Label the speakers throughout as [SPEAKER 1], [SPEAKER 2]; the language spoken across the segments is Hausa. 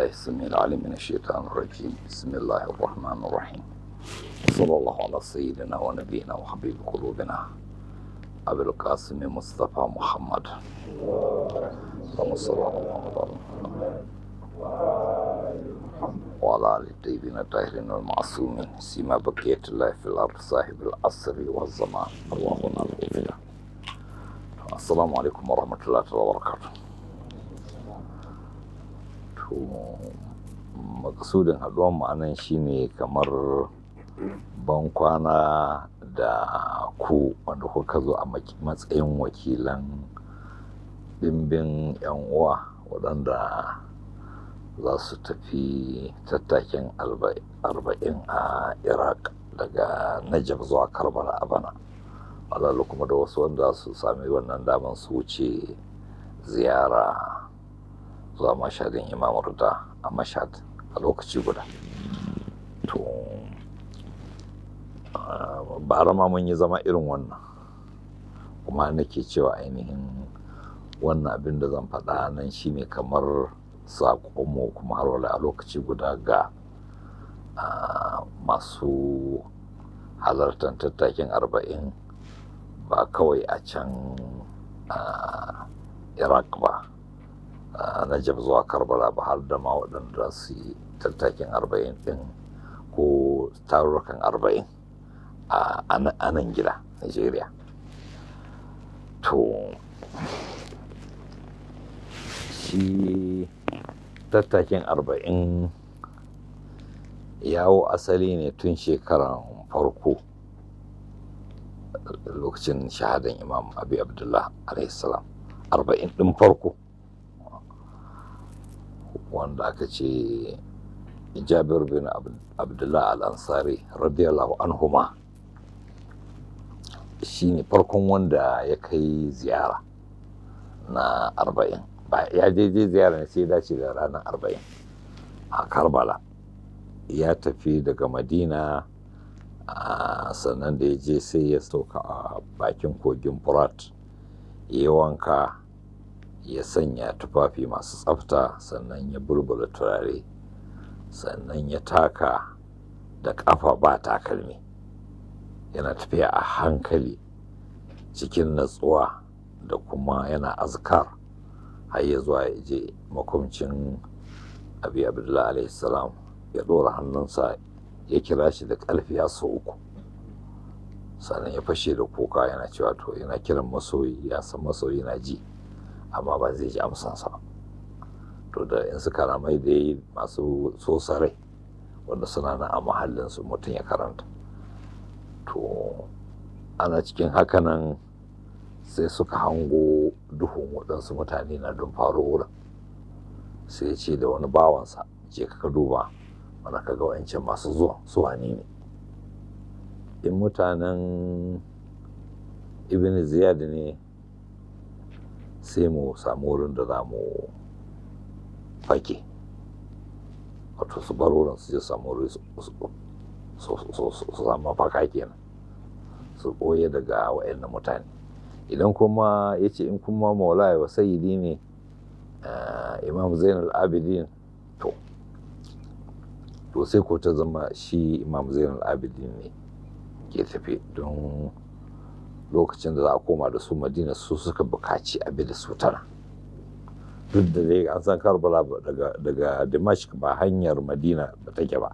[SPEAKER 1] بالله السميع العليم من الشيطان الرجيم بسم الله الرحمن الرحيم صلى الله على سيدنا ونبينا وحبيب قلوبنا أبي القاسم مصطفى محمد اللهم صل على محمد وعلى آل الطيبين الطاهرين المعصومين سيما بقية الله في الأرض صاحب العصر والزمان اللهم السلام عليكم ورحمة الله وبركاته makasudin haɗuwan ma'anan shine kamar bankwana da ku wanda kuka zo a matsayin wakilan ɗimbin 'yan uwa waɗanda za su tafi tattakin arba'in a iraq daga najab zuwa karbala a bana alalu kuma da wasu wanda su sami wannan damar su wuce ziyara zuwa mashadin imam ruda a mashad a lokaci guda to ba ma mun yi zama irin wannan kuma nake cewa ainihin wannan abin da zan faɗa nan shine kamar saƙonmu kuma har a lokaci guda ga masu halartar tattakin arba'in ba kawai a can iraq ba najab zuwa karbala ba har da ma waɗanda su yi tattakin arba'in ɗin ko tarurrukan arba'in a nan gida nigeria to shi tattakin arba'in yawo asali ne tun shekaran farko lokacin shahadan imam abi abdullah a.s.w. arba'in ɗin farko wanda aka ce jabir bin abdullah al-ansari radiyallahu anhuma shi ne farkon wanda ya kai ziyara na arba'in ba ya je ziyara ne sai dace da ranar arba'in a karbala ya tafi daga madina sannan da ya je sai ya sauka a bakin kogin furat ya wanka ya sanya tufafi masu tsafta sannan ya burbula turare sannan ya taka da ƙafa ba takalmi yana tafiya a hankali cikin natsuwa da kuma yana azkar har ya zuwa ya je makwamcin abi abdullahi alaihi salam ya ɗora hannunsa ya kira shi da ƙarfi ya sau uku sannan ya fashe da kuka yana cewa to yana kiran masoyi ya san masoyi na ji amma ba zai ji amsansa to da in su karamai da yi masu sosarai wanda suna nan a mahallinsu mutum ya karanta to ana cikin hakanan sai suka hango duhun waɗansu mutane na don faro wurin sai ce da wani bawansa je ka duba mana ka ga wancan masu zuwa su ne ne in mutanen ibn ziyad ne sai mu samu wurin da za mu fake wato su bar wurin su je samu wurin su samu mafaka kenan su ɓoye daga wa'annan mutane idan kuma ya ce in kuma maulaya wa sayidi ne imam zainal abidin to to sai ko ta zama shi imam zainal abidin ne ke tafi don lokacin da za a koma da su madina su suka bukaci abin da sutar duk da dai an san karbala daga dimashq ba hanyar madina ba take ba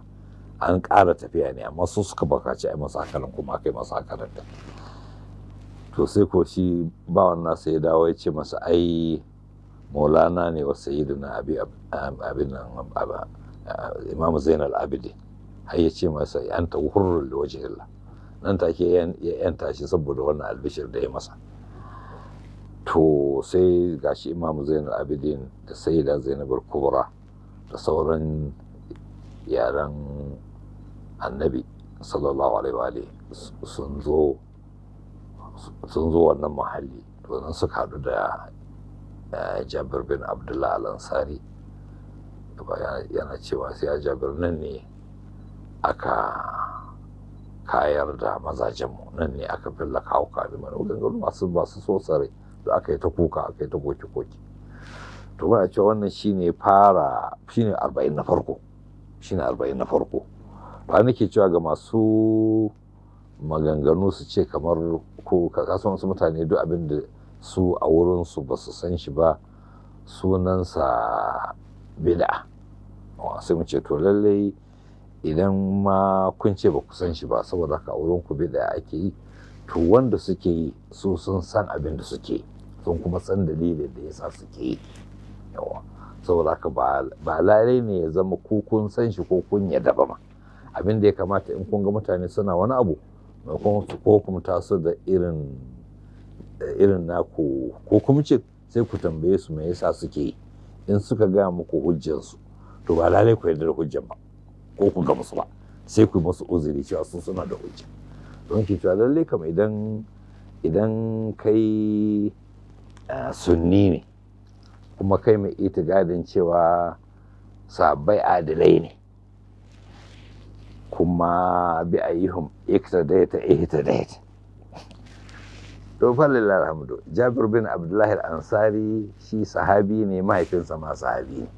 [SPEAKER 1] an ƙara tafiya ne amma su suka bukaci ai masakalan kuma aka yi masakalan da to sai ko shi bawan nasa ya dawo ya ce masa ai maulana ne wa sayidina abi abin nan imam zainal abidi har ya ce masa an ta hurrul Allah nan take ya yanta tashi saboda wannan albishir da ya masa to sai gashi imamu zainal abidin da sayyida zainabar kubra da sauran yaran annabi sallallahu alaihi sun zo sun zo wannan mahalli to nan suka da eh, jabir bin abdullah al-ansari yana cewa sai a jabir nan ne aka kayar da mazajenmu nan ne aka filla kawo da mana maganganu masu so sosare da aka yi ta kuka aka yi ta koki-koki to muna cewa wannan shine fara shine arba'in na farko shine arba'in na farko ba nake cewa ga masu maganganu su ce kamar ko kasuwan su mutane duk abin da su a wurinsu ba su san shi ba sunansa bida sai mu ce to lallai idan ma kun ce ba ku san shi ba saboda haka auren ku bai daya ake yi to wanda suke yi su sun san abin da suke sun kuma san dalilin da yasa suke yi yawa saboda haka ba lalai ne ya zama ko kun san shi ko kun yadda ba ma abin da ya kamata in kun ga mutane suna wani abu kuma su ko kuma taso da irin irin naku ko kuma ce sai ku tambaye su me yasa suke yi in suka gaya muku hujjansu to ba lalai ku yarda da hujjan ba ko ku ga musu ba sai ku musu uzuri cewa su suna da hujja don shi cewa lallai kama idan idan kai eh, sunni ne kuma kai mai itigadin cewa sabai adilai ne kuma bi a yi ta hum iktadaita ta to falle alhamdu jabir bin abdullahi al'ansari shi sahabi ne mahaifinsa ma sahabi ne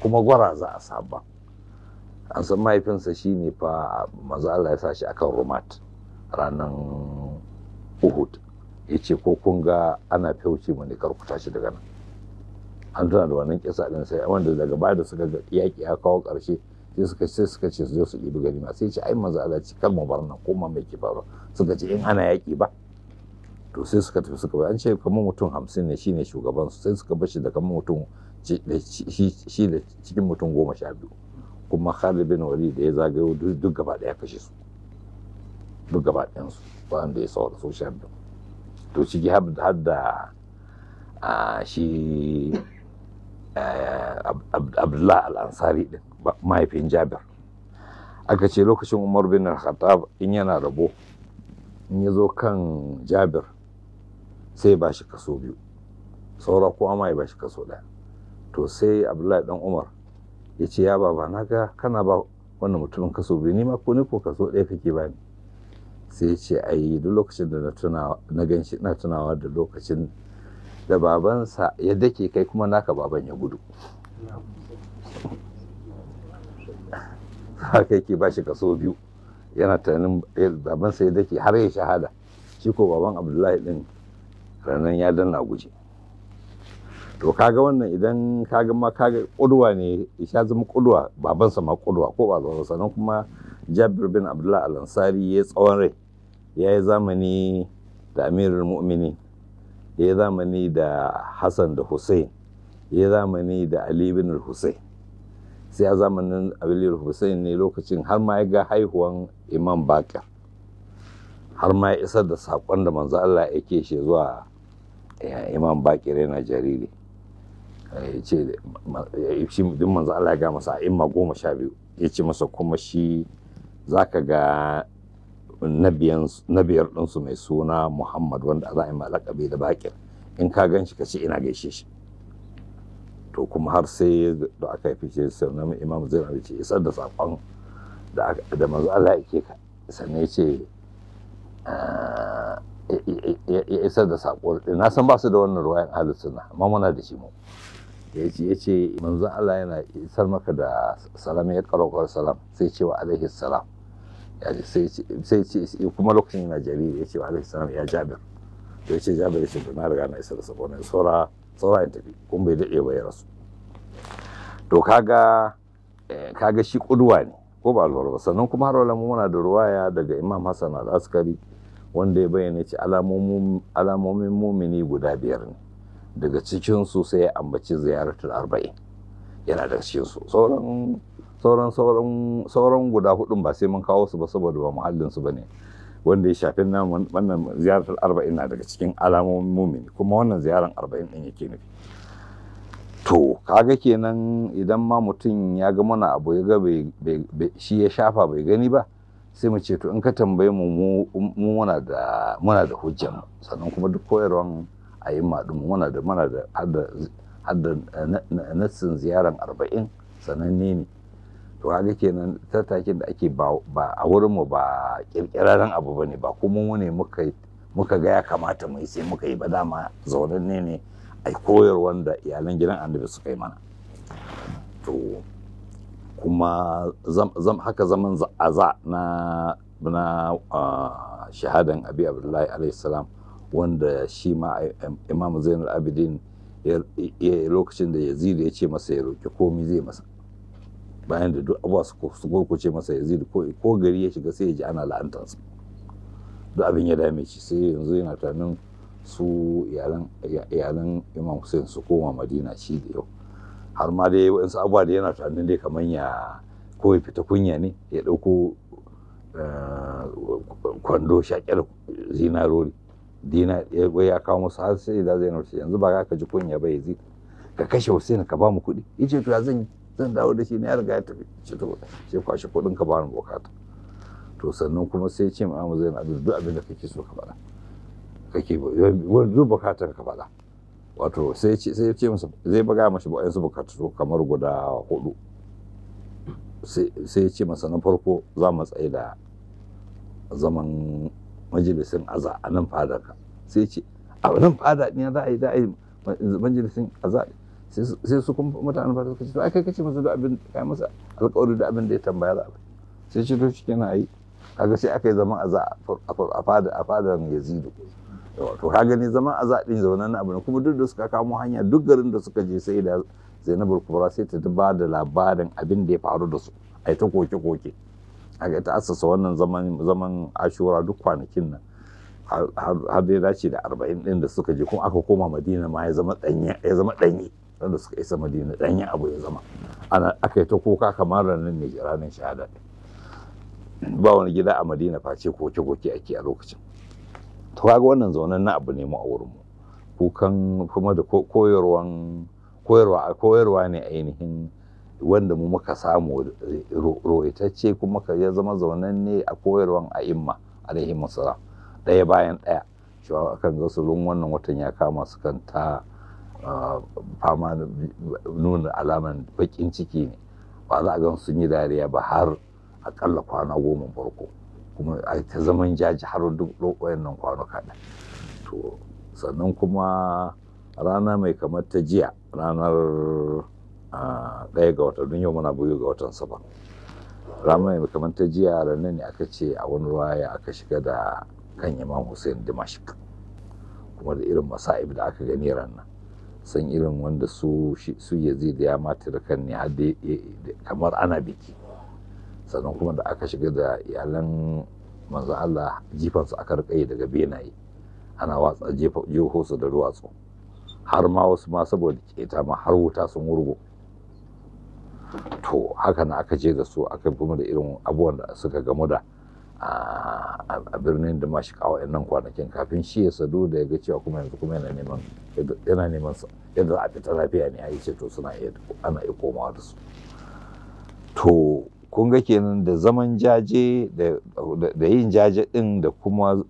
[SPEAKER 1] kuma gwara za a saba an san mahaifinsa shi ne fa maza Allah ya sa shi akan rumat ranar uhud ya ce ko kun ga ana fyauce mu ne ku tashi daga nan an tuna da wannan kisa din sai wanda daga baya da suka ga yaƙi ya kawo ƙarshe sai suka ce suka ce su zo su ɗibi ma sai ce ai maza Allah ce kalma bar nan ko ma mai kibaru suka ce in ana yaki ba to sai suka tafi suka ba an ce kamar mutum hamsin ne shine shugaban su sai suka bashi shi da kamar mutum shi da cikin mutum goma sha biyu kuma Khalid bin Walid da ya zagayo duk gaba daya kashe su duk gaba ɗayan su wanda ya saura so sha biyu to ciki har da shi Abdullah al-Ansari din mahaifin Jabir aka ce lokacin Umar bin al Khattab in yana rabo in ya zo kan Jabir sai ba shi kaso biyu saura ko amma ya ba shi kaso ɗaya to sai Abdullahi dan Umar ya ce ya baba na ga kana ba wannan mutumin kaso biyu ni ma ko ni ko kaso ɗaya kake ba ni sai ya ce yi duk lokacin da na tunawa na gan shi na tunawa da lokacin da babansa ya dake kai kuma naka baban ya gudu haka yake ba shi kaso biyu yana tunanin babansa ya dake har ya shahada shi ko baban abdullahi din ranar ya danna guje to kaga wannan idan kaga ma kaga ƙudwa ne ya zama baban babansa ma ƙudwa ko ba sannan kuma jabir bin abdullah al-ansari ya tsawon rai ya yi zamani da amirul mu'mini ya yi zamani da hassan da hussein ya yi zamani da ali bin hussein sai a zamanin ali hussein ne lokacin har ma ya ga haihuwan imam bakar har ma ya isar da saƙon da manzo Allah yake ke shi zuwa eh, imam bakir yana jariri Eh, ya ce shi duk manzo Allah ya ga masa a'imma goma sha biyu ya ce masa kuma shi zaka ga nabiyar ɗinsu mai suna Muhammad wanda za a yi malakabi da bakir in ka gan shi ka ce ina gaishe shi to kuma har sai da aka yi fice sai imam zainab ce isar da saƙon da manzo Allah yake ka sannan ce ah, ya isar da saƙon na san ba su da wannan ruwayan ahlus sunna amma muna da shi mu ya ce manzo Allah yana isar maka da salama ya karokar salam sai cewa alaihi salam sai ce kuma lokacin yana jariri ya ce wa alaihi salam ya jabir to ya ce jabir shi na riga na isar da sabo saura saura ya tafi kuma bai daɗe ba ya rasu to kaga eh, kaga shi kudwa ne ko ba alwar ba sannan kuma har mu muna da ruwaya daga imam hassan al-askari wanda ya bayyana ce alamomin mumini guda biyar ne daga cikinsu sai ya ambaci ziyaratul arba'in yana daga cikinsu sauran sauran sauran guda hudun ba sai mun kawo su ba saboda ba muhallin su bane wanda ya shafi nan wannan ziyaratul arba'in na daga cikin alamomin mumini kuma wannan ziyaran arba'in din yake nufi to kaga kenan idan ma mutum ya ga mana abu ya ga shi ya shafa bai gani ba sai mu ce to in ka tambaye mu muna da muna da hujjan sannan kuma duk koyarwan a yi maɗin muna da mana da hada nassin ziyaran arba'in sananne ne to haka kenan tattakin da ake ba a wurinmu ba kirkiraren abu ba ne ba kuma mu ne muka ga ya kamata mu yi sai muka yi ba dama zaunanne ne a koyarwar da iyalan gidan annabi suka yi mana to kuma haka zaman aza na na shahadan abi abdullahi alaihi salam wanda shi ma imam zainul abidin ya lokacin da yazid ya ce masa ya roki komi zai masa bayan da duk abuwa su kurkuce masa yazid ko gari ya shiga sai ya ji ana la'antarsa duk abin ya dame shi sai yanzu yana tunanin su iyalan imam hussein su koma madina shi da yau har ma dai waɗansu abuwa da yana tunanin dai kamar ya ko ya fita kunya ne ya ɗauko eh, kwando shaƙar zinarori dina ya kawo musu har sai da zai nauce yanzu ba ka ji kunya ba yazi ka kashe Hussein ka ba mu kuɗi yace to zan zan dawo da shi ne ya riga ya tafi ce to sai kwashi kuɗin ka ba mu bukata to sannan kuma sai ce ma zai na duk abin da kake so ka faɗa kake wani duk bukata ka faɗa wato sai sai ce musu zai buga mashi ba su so kamar guda hudu sai ya ce masa na farko za mu tsaye da zaman majalisin aza a nan fada ka sai ce a nan fada ne za a yi za a yi majalisin aza sai su kuma mutanen fada suka ce to kai kace masa da abin kai masa alƙawari da abin da ya tambaya za a sai ce to na yi kaga sai aka yi zaman aza a fada a fadan Yazidu to ka gani zaman aza din zaunan abu ne kuma duk da suka kamo hanya duk garin da suka je sai da Zainabul Kubra sai ta ba da labarin abin da ya faru da su ai ta koke koke aka ta asasa wannan zaman zaman ashura duk kwanakin nan har dai dace da arba'in ɗin da suka je kuma aka koma madina ma ya zama ɗanye ya zama ɗanye wanda suka isa madina ɗanye abu ya zama ana aka yi ta kuka kamar ranar ne ranar shahada ba wani gida a madina face koke koke ake a lokacin to kaga wannan zaunan na abu ne mu a wurin mu kukan kuma da koyarwan koyarwa koyarwa ne ainihin wanda mu muka samu ro'itacce kuma ka ya zama ne a koyarwan a imma alaihi musalam ɗaya bayan ɗaya cewa kan ga sulun wannan watan ya kama su kan ta fama nuna alaman bakin ciki ne ba za a gan sun yi dariya ba har akalla kwana goma farko kuma a ta zaman jaji har duk wayannan kwanuka ɗin to sannan kuma rana mai kamar ta jiya ranar a ɗaya ga watan don yau muna biyu ga watan saba ranar mai kamar ta jiya ranar ne aka ce a wani ruwaya aka shiga da kan imam hussein dimashik kuma da irin masa'ib da aka gani ranar san irin wanda su da ya mata da kan ne kamar ana biki sannan kuma da aka shiga da iyalan manzo Allah jifansu aka rikaye daga benaye ana watsa jeho da duwatsu har ma wasu ma saboda keta ma har wuta sun wurgo to haka na aka je da su aka bi da irin abuwan da suka gamu da a birnin da mashi kawo nan kwanakin kafin shi ya sadu da ya ga cewa kuma yanzu kuma yana neman yana neman yadda za a fita lafiya ne a ce to suna iya ana iya komawa da su to kun ga kenan da zaman jaje da yin jaje din da kuma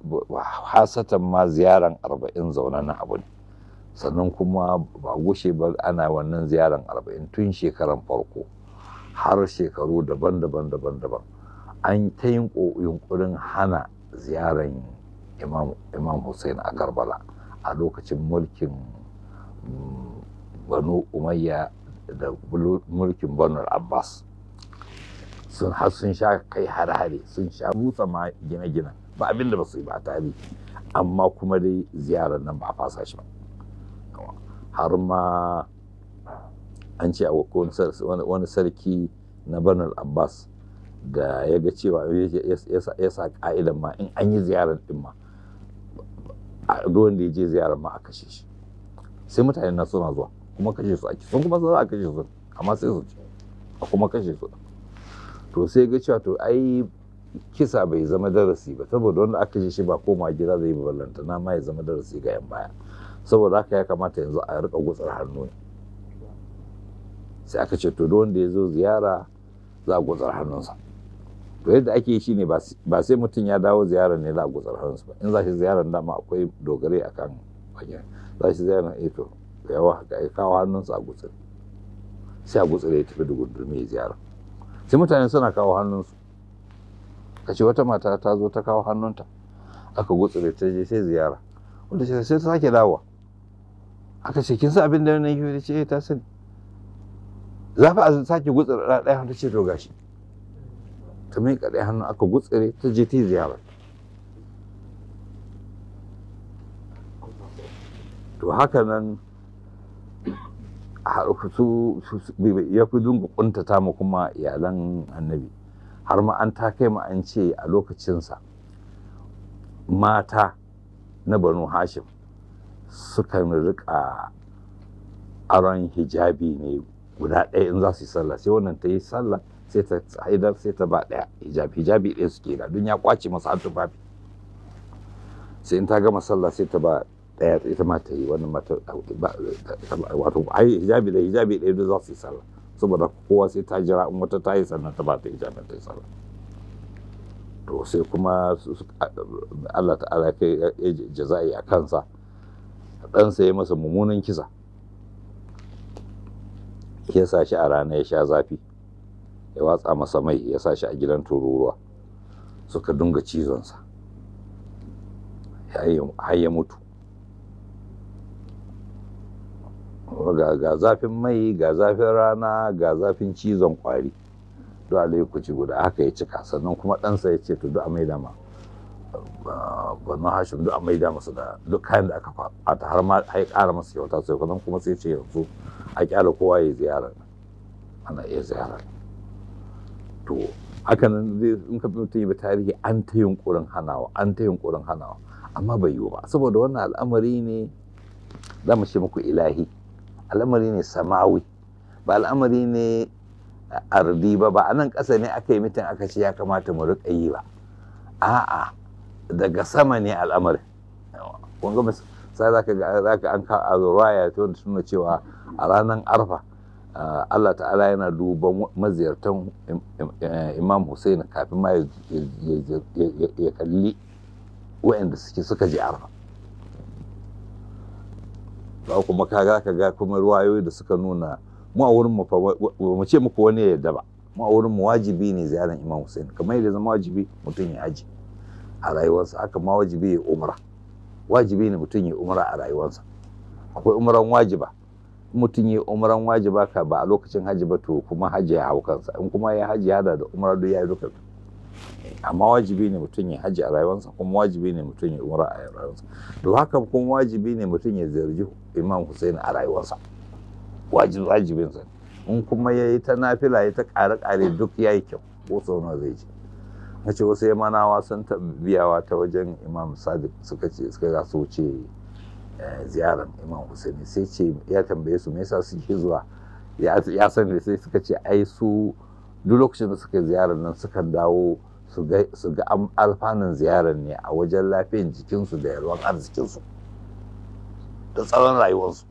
[SPEAKER 1] hasatan ma ziyaran arba'in na abu ne sannan kuma ba gushe ba ana wannan ziyaran arba'in tun shekaran farko har shekaru daban-daban daban-daban an ta yin yunkurin hana ziyaran imam hussein a karbala a lokacin mulkin mm, banu umayya da mulkin banu abbas sun har sun sha kai hare-hare sun sha rusa ma gine gine ba abinda ba su yi ba tare amma kuma dai ziyarar nan ba a fasa shi ba har ma an ce a wani sarki na Banal abbas da ya ga cewa ya sa ka'idan ma in an yi ziyarar din ma ruwan da ya je ziyarar ma a kashe shi sai mutane na suna zuwa kuma kashe su ake sun kuma za a kashe su amma sai su a kuma kashe su to sai ga cewa to ai kisa bai zama darasi ba saboda wanda aka kashe shi ba koma gida zai ballanta na ma ya zama darasi ga yan baya saboda haka ya kamata yanzu a rika gutsar hannu ne sai aka ce to don wanda ya zo ziyara za a gutsar hannunsa to yadda ake yi shine ba sai mutum ya dawo ziyara ne za a gutsar hannunsa ba in za shi ziyara dama akwai dogare a kan bakin za shi ziyarar da eh yawa ga kawo hannunsa a gutsar sai a gutsar ya tafi da gundumi ya ziyara sai mutane suna kawo hannunsu ka ce wata mata ta zo ta kawo hannunta aka gutsure ta je sai ziyara wanda sai ta sake dawowa aka ce kin san abin da na yi ce eh, ta sani za fa a sake gutsura ɗaya hannu ce to gashi ta mai ɗaya hannu aka gutsure ta je ta ziyara to haka nan su ya fi dunga ƙuntata mu kuma iyalan annabi har ma an ta kai mu an ce a lokacinsa mata na banu hashim sukan rika aron hijabi ne guda ɗaya in za su yi sallah sai wannan ta yi sallah sai ta haidar sai ta ba ɗaya hijabi hijabi ɗaya suke da dun ya kwace masa har tufafi sai in ta gama sallah sai ta ba ɗaya ita ma ta yi wannan mata wato ai hijabi da hijabi ɗaya duk za su yi sallah saboda kowa sai ta jira in wata ta yi sannan ta ba ta hijabi ta yi sallah to sai kuma Allah ta'ala kai jaza'i a kansa ɗansa ya masa mummunan kisa ya sa shi a rana ya sha zafi ya watsa masa mai ya sa shi a gidan tururuwa suka dunga cizonsa har ya mutu ga zafin mai ga zafin rana ga zafin cizon kwari dole ku ci guda haka ya cika sannan kuma ɗansa ya ce to duk a mai dama banu hashim duk an maida masa da duk kayan da aka fata har ma ai ƙara masa kyauta sai kuma kuma sai ce yanzu a kyala kowa ya ziyara ana iya ziyara to hakanan zai in ka mutum yi tarihi an ta hanawa an ta yunkurin hanawa amma bai yiwu ba saboda wannan al'amari ne za mu ce muku ilahi al'amari ne samawi ba al'amari ne ardi ba ba a nan ƙasa ne aka yi mitin aka ce ya kamata mu riƙa yi ba a'a daga sama ne al'amarin wanga sai za ka ga an ka a ruwaya ta wanda suna cewa a ranar arfa Allah ta'ala yana duban maziyartan eh, imam Hussein kafin ma ya kalli wa'anda suke suka je arfa za kuma ka ga ka ga kuma ruwayoyi da suka nuna mu a wurin mu fa mu ce muku wani ya yadda ba mu a wurin mu wajibi ne ziyarar imam Hussein kamar yadda zama wajibi mutum ya aji a rayuwarsa haka ma wajibi ya umra wajibi ne mutum ya umra a rayuwarsa akwai umran wajiba mutum ya umran wajiba ka ba a lokacin hajji ba to kuma hajji ya hau kansa in kuma ya hajji ya da umra duk ya yi duka amma wajibi ne mutum ya hajji a rayuwarsa kuma wajibi ne mutum ya umra a rayuwarsa to haka kuma wajibi ne mutum ya ziyarci imam Hussein a rayuwarsa wajibinsa in kuma ya yi ta nafila ya ta ƙare-ƙare duk ya yi kyau ko sau zai ce na ce wasu yamanawa sun tambiyawa ta wajen imam sadiq suka ce suka ga su wuce eh, ziyaran imam husaini sai ce ya tambaye su me yasa suke zuwa ya sani sai suka ce ai su duk lokacin da suka ziyarar nan sukan dawo su ga alfanun ziyarar ne a wajen lafiyan jikinsu da yalwan arzikinsu da tsaron rayuwarsu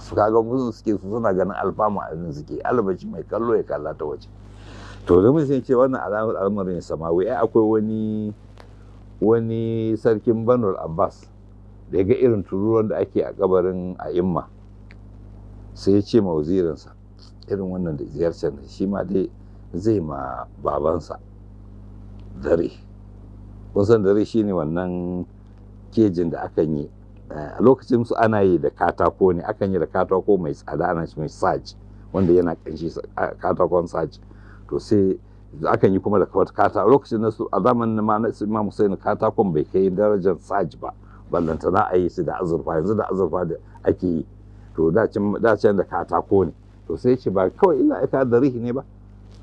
[SPEAKER 1] su kaga musu suke su suna ganin alfama a suke albashi mai kallo ya kalla ta waje to da mun ce wannan alamar al'amarin samawi ai akwai wani wani sarkin banul abbas da ya ga irin tururuwan da ake a kabarin a imma sai ya ce ma wazirinsa irin wannan da ziyartar da shi ma dai zai ma babansa dare kusan dare shine wannan kejin da akan yi eh, a lokacin su ana yi da katako ne akan yi da katako mai tsada ana shi mai saji wanda yana kanshi katakon saji to sai aka yi kuma da kata lokacin nasu a zamanin ma na imam husaini katakon bai kai darajar saji ba za a yi su da azurfa yanzu da azurfa da ake yi to da can da katako ne to sai ce ba kawai illa aika da rihi ne ba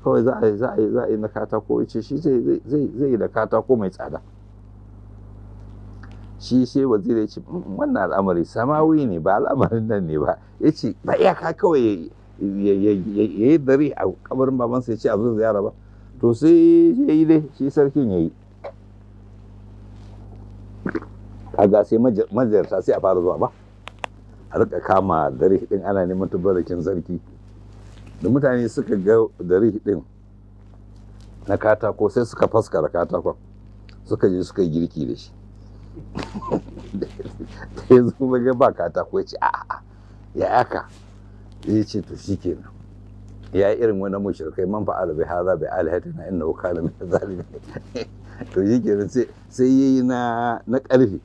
[SPEAKER 1] kawai za a yi za a yi za a yi na katako ce shi zai zai da katako mai tsada shi sai wazir ya ce mm, mm, wannan al'amari samawi ne ba al'amarin nan ne ba ya ce ba iyaka kawai ya yi dare a kabarin babansa ya ce a zo ziyara ba to sai ya yi dai shi sarkin ya yi kaga sai majiyarta sai a fara zuwa ba a rika kama dare ɗin ana neman tabbarakin sarki da mutane suka ga dare ɗin na katako sai suka faskara katakon suka je suka girki da shi da ya zo ba katako ya ce a'a ya aka ya ce to shi kenan ya yi irin wani mushrikai man fa'ala bi hadha bi alihatina innahu kana mai zalimin to shi kenan sai sai yi na na karfi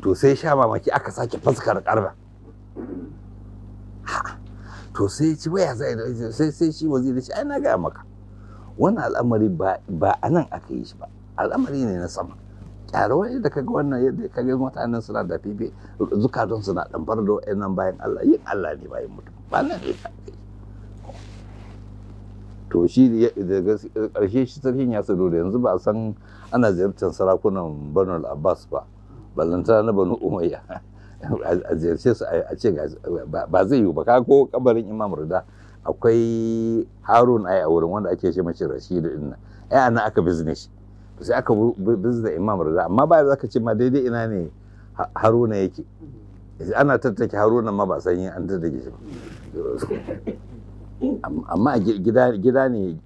[SPEAKER 1] to sai sha mamaki aka sake fuskar karfa to sai ci waya sai sai shi waziri shi ai na ga maka wannan al'amari ba a nan aka yi shi ba al'amari ne na sama taro eh, da kaga wannan yadda kaga mutanen suna da fifi zukatun suna dambar da eh, nan bayan Allah yin Allah ne bayan mutum ba nan ne to shi daga ƙarshe shi sarkin ya sado da yanzu ba a san ana ziyartar sarakunan Banu Abbas ba ballantana na Banu Umayya a ziyarce su a ce ba zai yiwu ba ka ko kabarin Imam Rida akwai Harun ai a wurin wanda ake ce mace Rashidu din eh, nan ai ana aka business sai aka bizda imam rida amma ba za ka ce ma daidai ina ne haruna yake ana tattake haruna ma ba sanyi an tattake shi amma a gida ne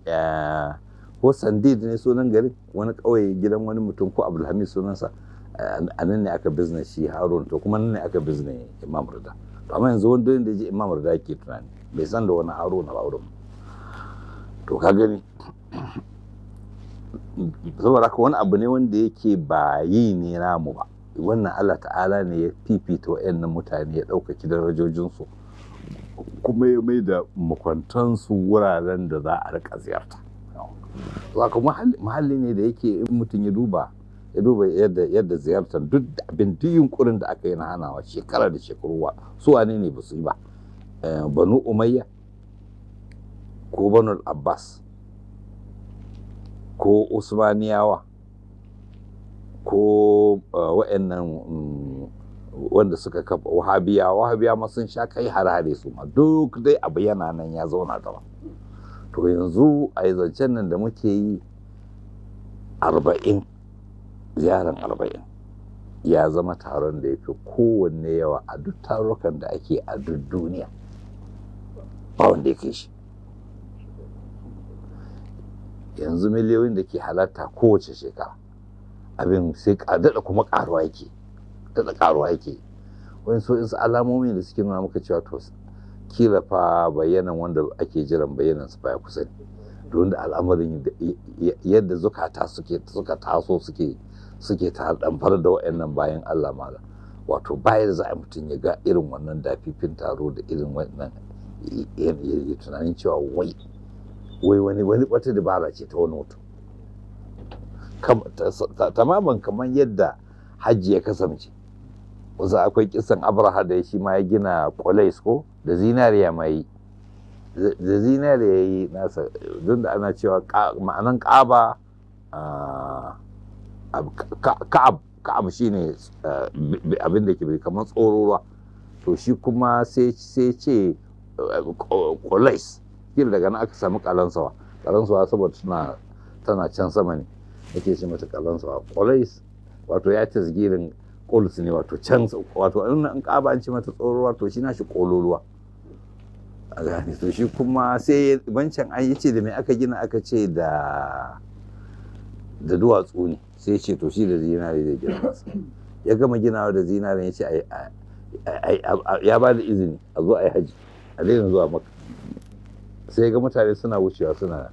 [SPEAKER 1] ko eh, sandid ne sunan garin wani kawai gidan wani mutum ko abdulhamid sunansa eh, a nan ne aka bizna shi Haruna, to kuma nan ne aka bizna imam rida to amma yanzu wanda da ji imam rida ke tunani bai san da wani haruna ba wurin to ka gani saboda haka wani abu ne wanda yake ba yi ne namu ba wannan Allah ta'ala ne ya fifita wa'annan mutane ya ɗaukaki darajojinsu kuma ya mai da makwantansu wuraren da za a rika ziyarta haka muhalli ne da yake in mutum ya duba ya duba yadda ziyartar duk abin duk yunkurin da aka yi na hanawa shekara da shekaru su wane ne ba su yi ba eh, banu umayya ko banu abbas ko usmaniyawa ko eh, wa'annan mm, wanda suka kafa wahabiya wahabiya ma sun sha kai harare su ma duk dai abu yana nan ya zauna gaba to yanzu a yi zancen nan da muke yi arba'in ziyaran arba'in ya zama taron da ya fi kowanne yawa a duk tarukan da ake a duk duniya ba wanda ya kai shi yanzu miliyoyin da ke halarta kowace shekara abin sai daɗa kuma ƙaruwa yake daɗa ƙaruwa yake wani so insu alamomi da suke nuna muka cewa to kila fa bayanan wanda ake jiran bayanan su baya kusa ne don da al'amarin yadda zukata suke suka taso suke suke ta damfar da wa'annan bayan Allah mala wato bayan za a mutum ya ga irin wannan dafifin taro da irin wannan ya tunanin cewa wai wai wani wani wata dabara ce ta wani wato tamamin kamar yadda hajji ya kasance wasu akwai kisan abraha da shi ma ya gina kwalais ko da zinariya ma yi da zinariya ya yi nasa don da ana cewa ma'anan ka'aba ka'ab ka'ab shine abin da ke bai kamar tsorowa to shi kuma sai ce kwalais kila daga nan aka samu kalansawa kalansawa saboda suna tana can sama ne ake ce mata kalansawa kolais wato ya zigirin kolis ne wato can wato in an kaba an ce mata tsoro wato shi na shi kololuwa a gane to shi kuma sai wancan an yi ce da me aka gina aka ce da da duwatsu ne sai ce to shi da zinare da gina ya gama ginawa da zinare ya ce ya ba da izini a zo a yi haji a zai zuwa maka sai ga mutane suna wucewa suna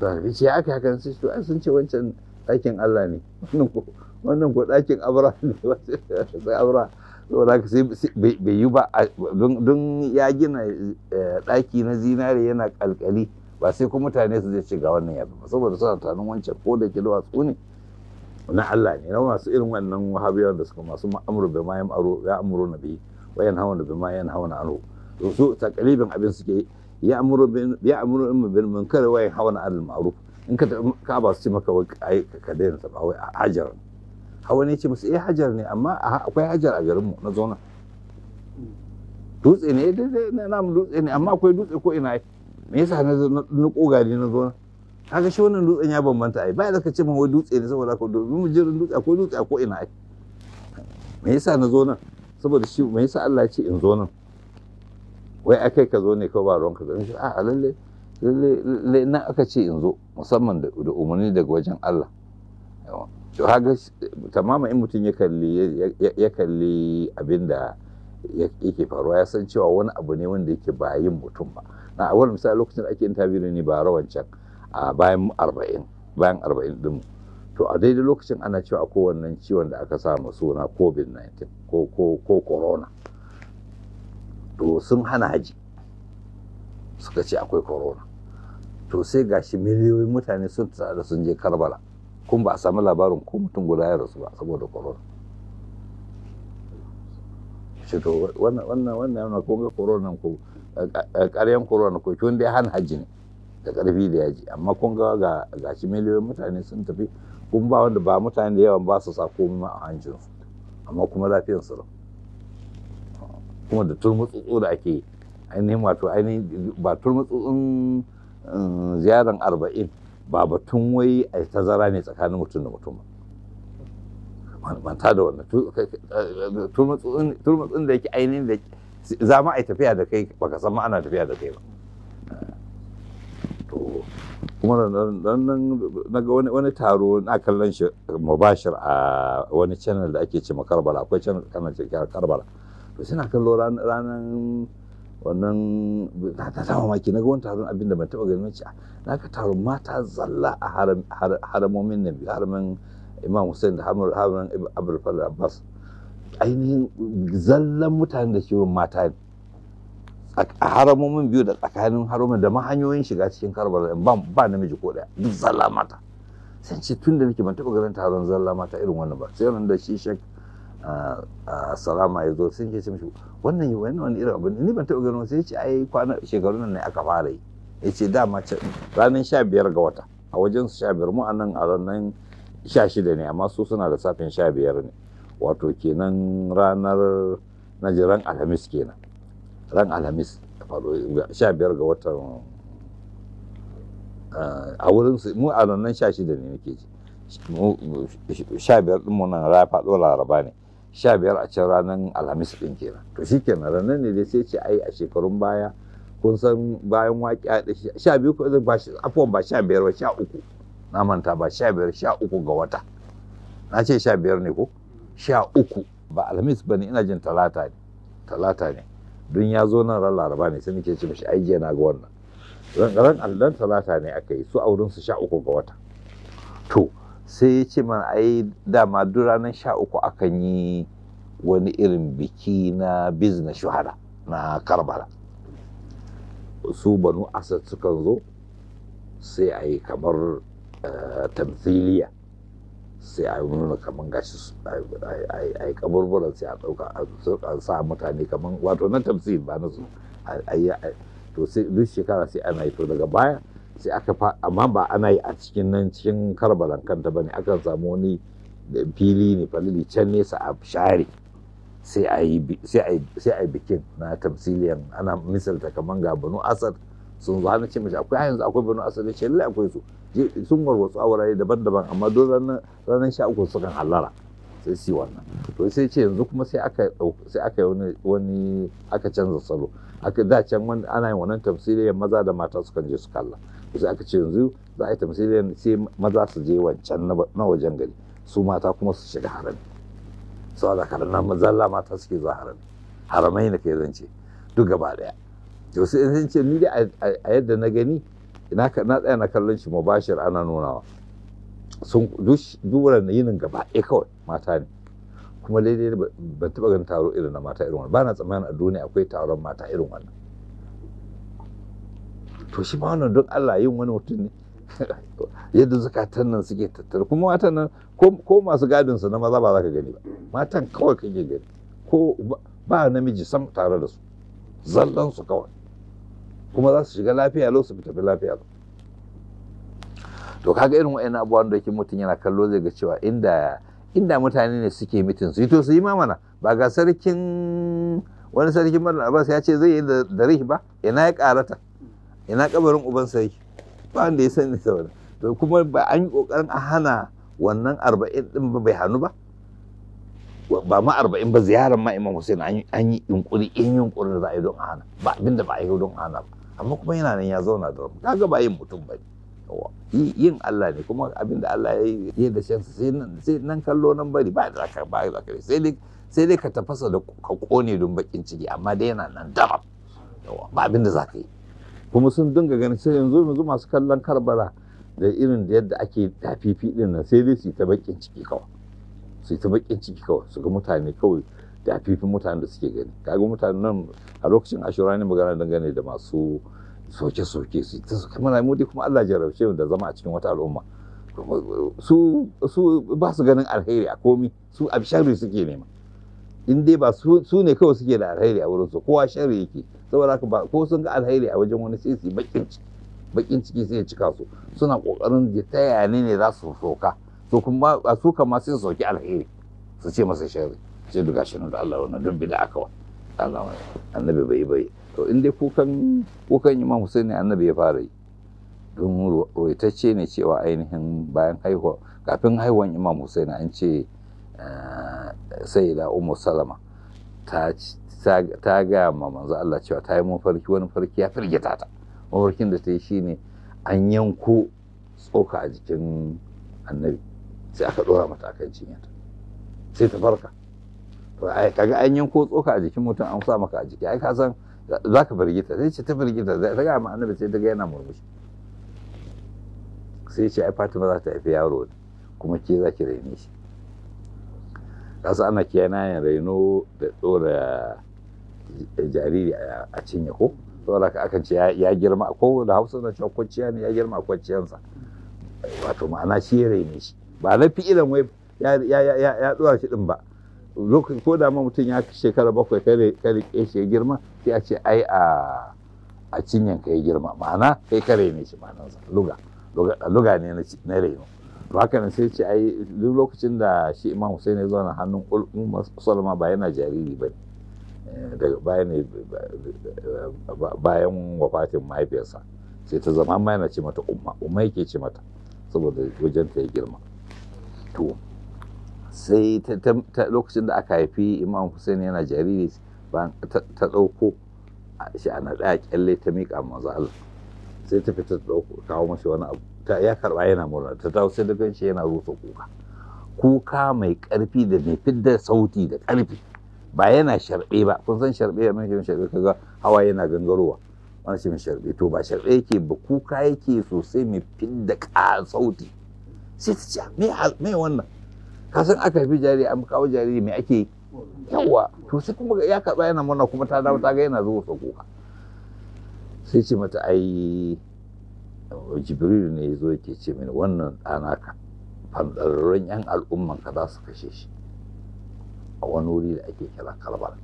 [SPEAKER 1] a ce aka haka sai ce ai sun ce wancan ɗakin Allah ne wannan ko ɗakin abra ne sai abra da ka sai bai yi ba don ya gina eh, ɗaki na zinare yana kalkali ba sai kuma mutane su zai ce ga wannan yafi ba saboda suna tunanin wancan ko da ke da watsu ne na Allah ne na masu irin wannan wahabiyar da suka masu ma'amuru bai ma ya amuru na biyu wayan hawan da bai ma yan hawan anhu to su takalibin abin suke ya'muru bin ya'muru bil munkari wa yanhauna 'anil ma'ruf in ka ka ba su ce maka wai ka daina saba wai hajar hawa ne ce musu eh hajar ne amma akwai hajar a garin mu na zona dutse ne dai na namu dutse ne amma akwai dutse ko ina me yasa na na kogari na zona kaga shi wannan dutsen ya bambanta ai ba da ka ce mun wai dutse ne saboda ko dutse, mu jira dutse akwai dutse ko ina ai me yasa na zona saboda shi me yasa Allah ya ce in zo nan wai akai ka zo ne kawai ba ruwanka da shi a lalle lalle na aka ce in zo musamman da umarni daga wajen Allah to haga tamama in mutum ya kalli ya kalli abinda yake faruwa ya san cewa wani abu ne wanda yake ba yin mutum ba na awal misali lokacin da ake interview ne ba rawan can a bayan arba'in bayan 40 din to a daidai lokacin ana cewa akwai wannan ciwon da aka sa suna covid-19 ko corona to sun hana haji suka ce akwai corona to sai gashi miliyoyin mutane sun tsada sun je karbala kun ba a sami labarin ko mutum guda ya rasu ba saboda corona shi to wannan wannan wannan yana kun ga corona ko ƙaryan corona ko kin dai hana haji ne da ƙarfi da yaji amma kun ga ga gashi miliyoyin mutane sun tafi kun ba wanda ba mutane da yawan ba su sa komai ma a hancinsu amma kuma lafiyar su kuma da turmutsutsu da ake ainihin wato ainihin ba turmutsutsun eh, ziyarar arba'in ba batun wai a tazara ne tsakanin mutum da mutum ba manta da wannan eh, turmutsutsun da yake ainihin da za ma a yi tafiya da kai ka san ma ana tafiya da kai ba kuma na ga wani taro na kallon shi mubashir a wani channel da ake ce makarbala akwai channel kanan ce karbala to suna kallo ranar wannan ta ta mamaki na ga wani taron abin da ban taɓa ganin mace na ka taron mata zalla a haramomin nan biyu haramin imam hussein da haramin abul fadl abbas ainihin zallan mutanen da ke mata ne a haramomin biyu da tsakanin haramomin da ma hanyoyin shiga cikin karbala ba namiji ko daya duk zalla mata sai ce tun da nake ban taɓa ganin taron zalla mata irin wannan ba sai da shi shek A salama ya zo sun ce mishi wannan yi wani wani irin abin ni ban taɓa ganin sai ce ai kwana shekaru nan ne aka fara yi ya ce dama ranar sha biyar ga wata a wajen su sha biyar mu a nan a ranar sha shida ne amma su suna da safin sha biyar ne wato kenan ranar na ji ran alhamis kenan ran alhamis sha biyar ga watan a wurin su mu a ranar sha shida ne nake ji sha biyar ɗin mu nan ra faɗo laraba ne sha biyar a can ranar alhamis ɗin kenan to shi kenan ranar ne dai sai ce ai a shekarun baya kun san bayan waƙi a sha biyu ko ba afuwan ba sha biyar ba sha uku na manta ba sha biyar sha uku ga wata na ce sha biyar ne ko sha uku ba alhamis ba ne ina jin talata ne talata ne don ya zo nan ran laraba ne sai nake ce mishi ai jiya na ga wannan ran allan talata ne aka yi su wurin su sha uku ga wata to sai ya ce mana ai dama duk ranar sha uku akan yi wani irin biki na bizna shuhada na karbala su banu asad sukan zo sai a yi kamar eh, tamthiliya sai a nuna kamar gashi a yi kaburburan sai a ɗauka a sa mutane kamar wato na tamsil ba na su to sai duk shekara sai ana yi to daga baya sai aka fa amma ba ana yi a cikin nan cikin karbalan kanta bane akan samu wani fili ne falili can nesa a share sai a yi bikin na tamsiliyan ana misalta kamar ga banu asad sun zo hana ce mace akwai yanzu akwai banu asad ce lallai akwai su sun warwatsu a wurare daban-daban amma don ranar sha uku sukan hallara sai si wannan to sai ce yanzu kuma sai aka sai aka yi wani aka canza salo aka da can ana yin wannan tamsiliyan maza da mata sukan je su kalla sai aka ce yanzu za a yi tamsilin sai maza su je wancan na wajen gari su mata kuma su shiga harami sau da karan nan la mata suke zuwa harami haramai na kai zance duk gaba daya to sai in ce ni dai a yadda na gani na tsaya na kallon shi mubashir ana nunawa sun duk yinin gaba ɗaya kawai mata ne kuma daidai ban taɓa ganin taro irin na mata irin wannan ba na tsammanin a duniya akwai taron mata irin wannan to shi ma wannan duk Allah yin wani mutum ne yadda zukatan nan suke tattara kuma matan nan ko masu gadin su na maza ba za ka gani ba matan kawai kake gani ko ba namiji sam tare da su zallan su kawai kuma za su shiga lafiya lau su fita lafiya to kaga irin wa'annan abubuwan da yake mutum yana kallo zai ga cewa inda inda mutane ne suke mitin su to su yi mamana ba ga sarkin wani sarkin mara abbas ya ce zai yi da rihi ba ina ya karata ina kabarin uban sai ba wanda ya sani saboda to kuma ba an yi kokarin a hana wannan arba'in din ba bai hannu ba ba ma arba'in ba ziyaran ma imam hussein an yi yunkuri in yunkuri da za a yi don a hana ba abinda ba a don a hana ba amma kuma yana nan ya zauna da rabu kaga ba yin mutum ba yin Allah ne kuma abin da Allah ya yi da shansa sai nan kallo nan bari ba da ka ba da sai dai sai dai ka tafasa da ka kone don bakin ciki amma dai yana nan daram ba abin da zaka yi kuma sun dinga ganin sai yanzu yanzu masu kallon karbala da irin da yadda ake tafifi din nan sai dai su ta bakin ciki kawai su ta bakin ciki kawai su ga mutane kawai tafifin mutanen da suke gani kaga mutane nan a lokacin ashura ne magana dangane da masu soke-soke su ta suka mana mu dai kuma Allah mu da zama a cikin wata al'umma su ba su ganin alheri a komi su abshari suke nema in dai ba su ne kawai suke da alheri a wurinsu kowa sharri yake saboda haka ba ko sun ga alheri a wajen wani sai su bakin ciki bakin ciki sai ya cika su suna kokarin da ta yane ne za su soka to kuma a su kama sai su soki alheri su ce masa sharri sai duka shi da Allah wannan don da aka wa Allah annabi bai bai to in dai kukan kukan Imam Hussein ne annabi ya fara yi don ruwaitacce ne cewa ainihin bayan haihuwa kafin haihuwan Imam Hussein an ce Eh, sai da umu salama ta gaya ma manzo Allah cewa ta yi mun farki wani farki ya firgita ta mafarkin da ta yi shine an yanko tsoka a jikin annabi sai aka ɗora mata akan cinyata sai ta farka to ai kaga an yanko tsoka a jikin mutum an sa maka a jiki ai ka san za ka firgita sai ce ta firgita ta ga ma annabi sai ta ga yana murmushi sai ce ai Fatima za ta haifi yaro ne kuma ke za ki raine shi kasa ana kiyaye na raino da tsora jariri a cinye ko saboda ka aka ce ya girma ko da hausa na cewa kwanciya ne ya girma kwanciyansa wato ma'ana shi ya raine shi ba na fi idan wai ya tsora shi din ba lokacin ko da mutum ya shekara bakwai kare kare shi ya girma sai a ce ai a a cinyan ka ya girma ma'ana kai kare ne shi ma'anansa luga luga ne na raino haka nan sai ce yi duk lokacin da shi imam hussein ya na hannun umar salama ba yana jariri eh, ba daga bayan ne bayan wafatin mahaifiyarsa sai ta zama amma yana ce mata umma umma yake ce mata saboda wajen ta ya girma to sai ta lokacin da aka haifi imam hussein yana jariri ta ɗauko shi ana ɗaya kyalle ta miƙa maza Allah sai ta fita ta ɗauko kawo mashi wani abu ta ya karba yana murna ta dawo sai da ganshi yana rusa kuka kuka mai karfi da mai fidda sauti da karfi ba yana sharbe ba kun san sharbe ya mai sharbe kaga hawa yana gangarowa wannan shi mai sharbe to ba sharbe yake ba kuka yake sosai mai fidda ka sauti sai ta ce me me wannan ka san aka fi jari an kawo jariri me ake yawa to sai kuma ya karba yana murna kuma ta dawo ta ga yana zuwa kuka sai ce mata ai jibril ne ya zo yake ce mini wannan ɗanaka fandararren 'yan al'umman ka za su kashe shi a wani wuri da ake kira kalbar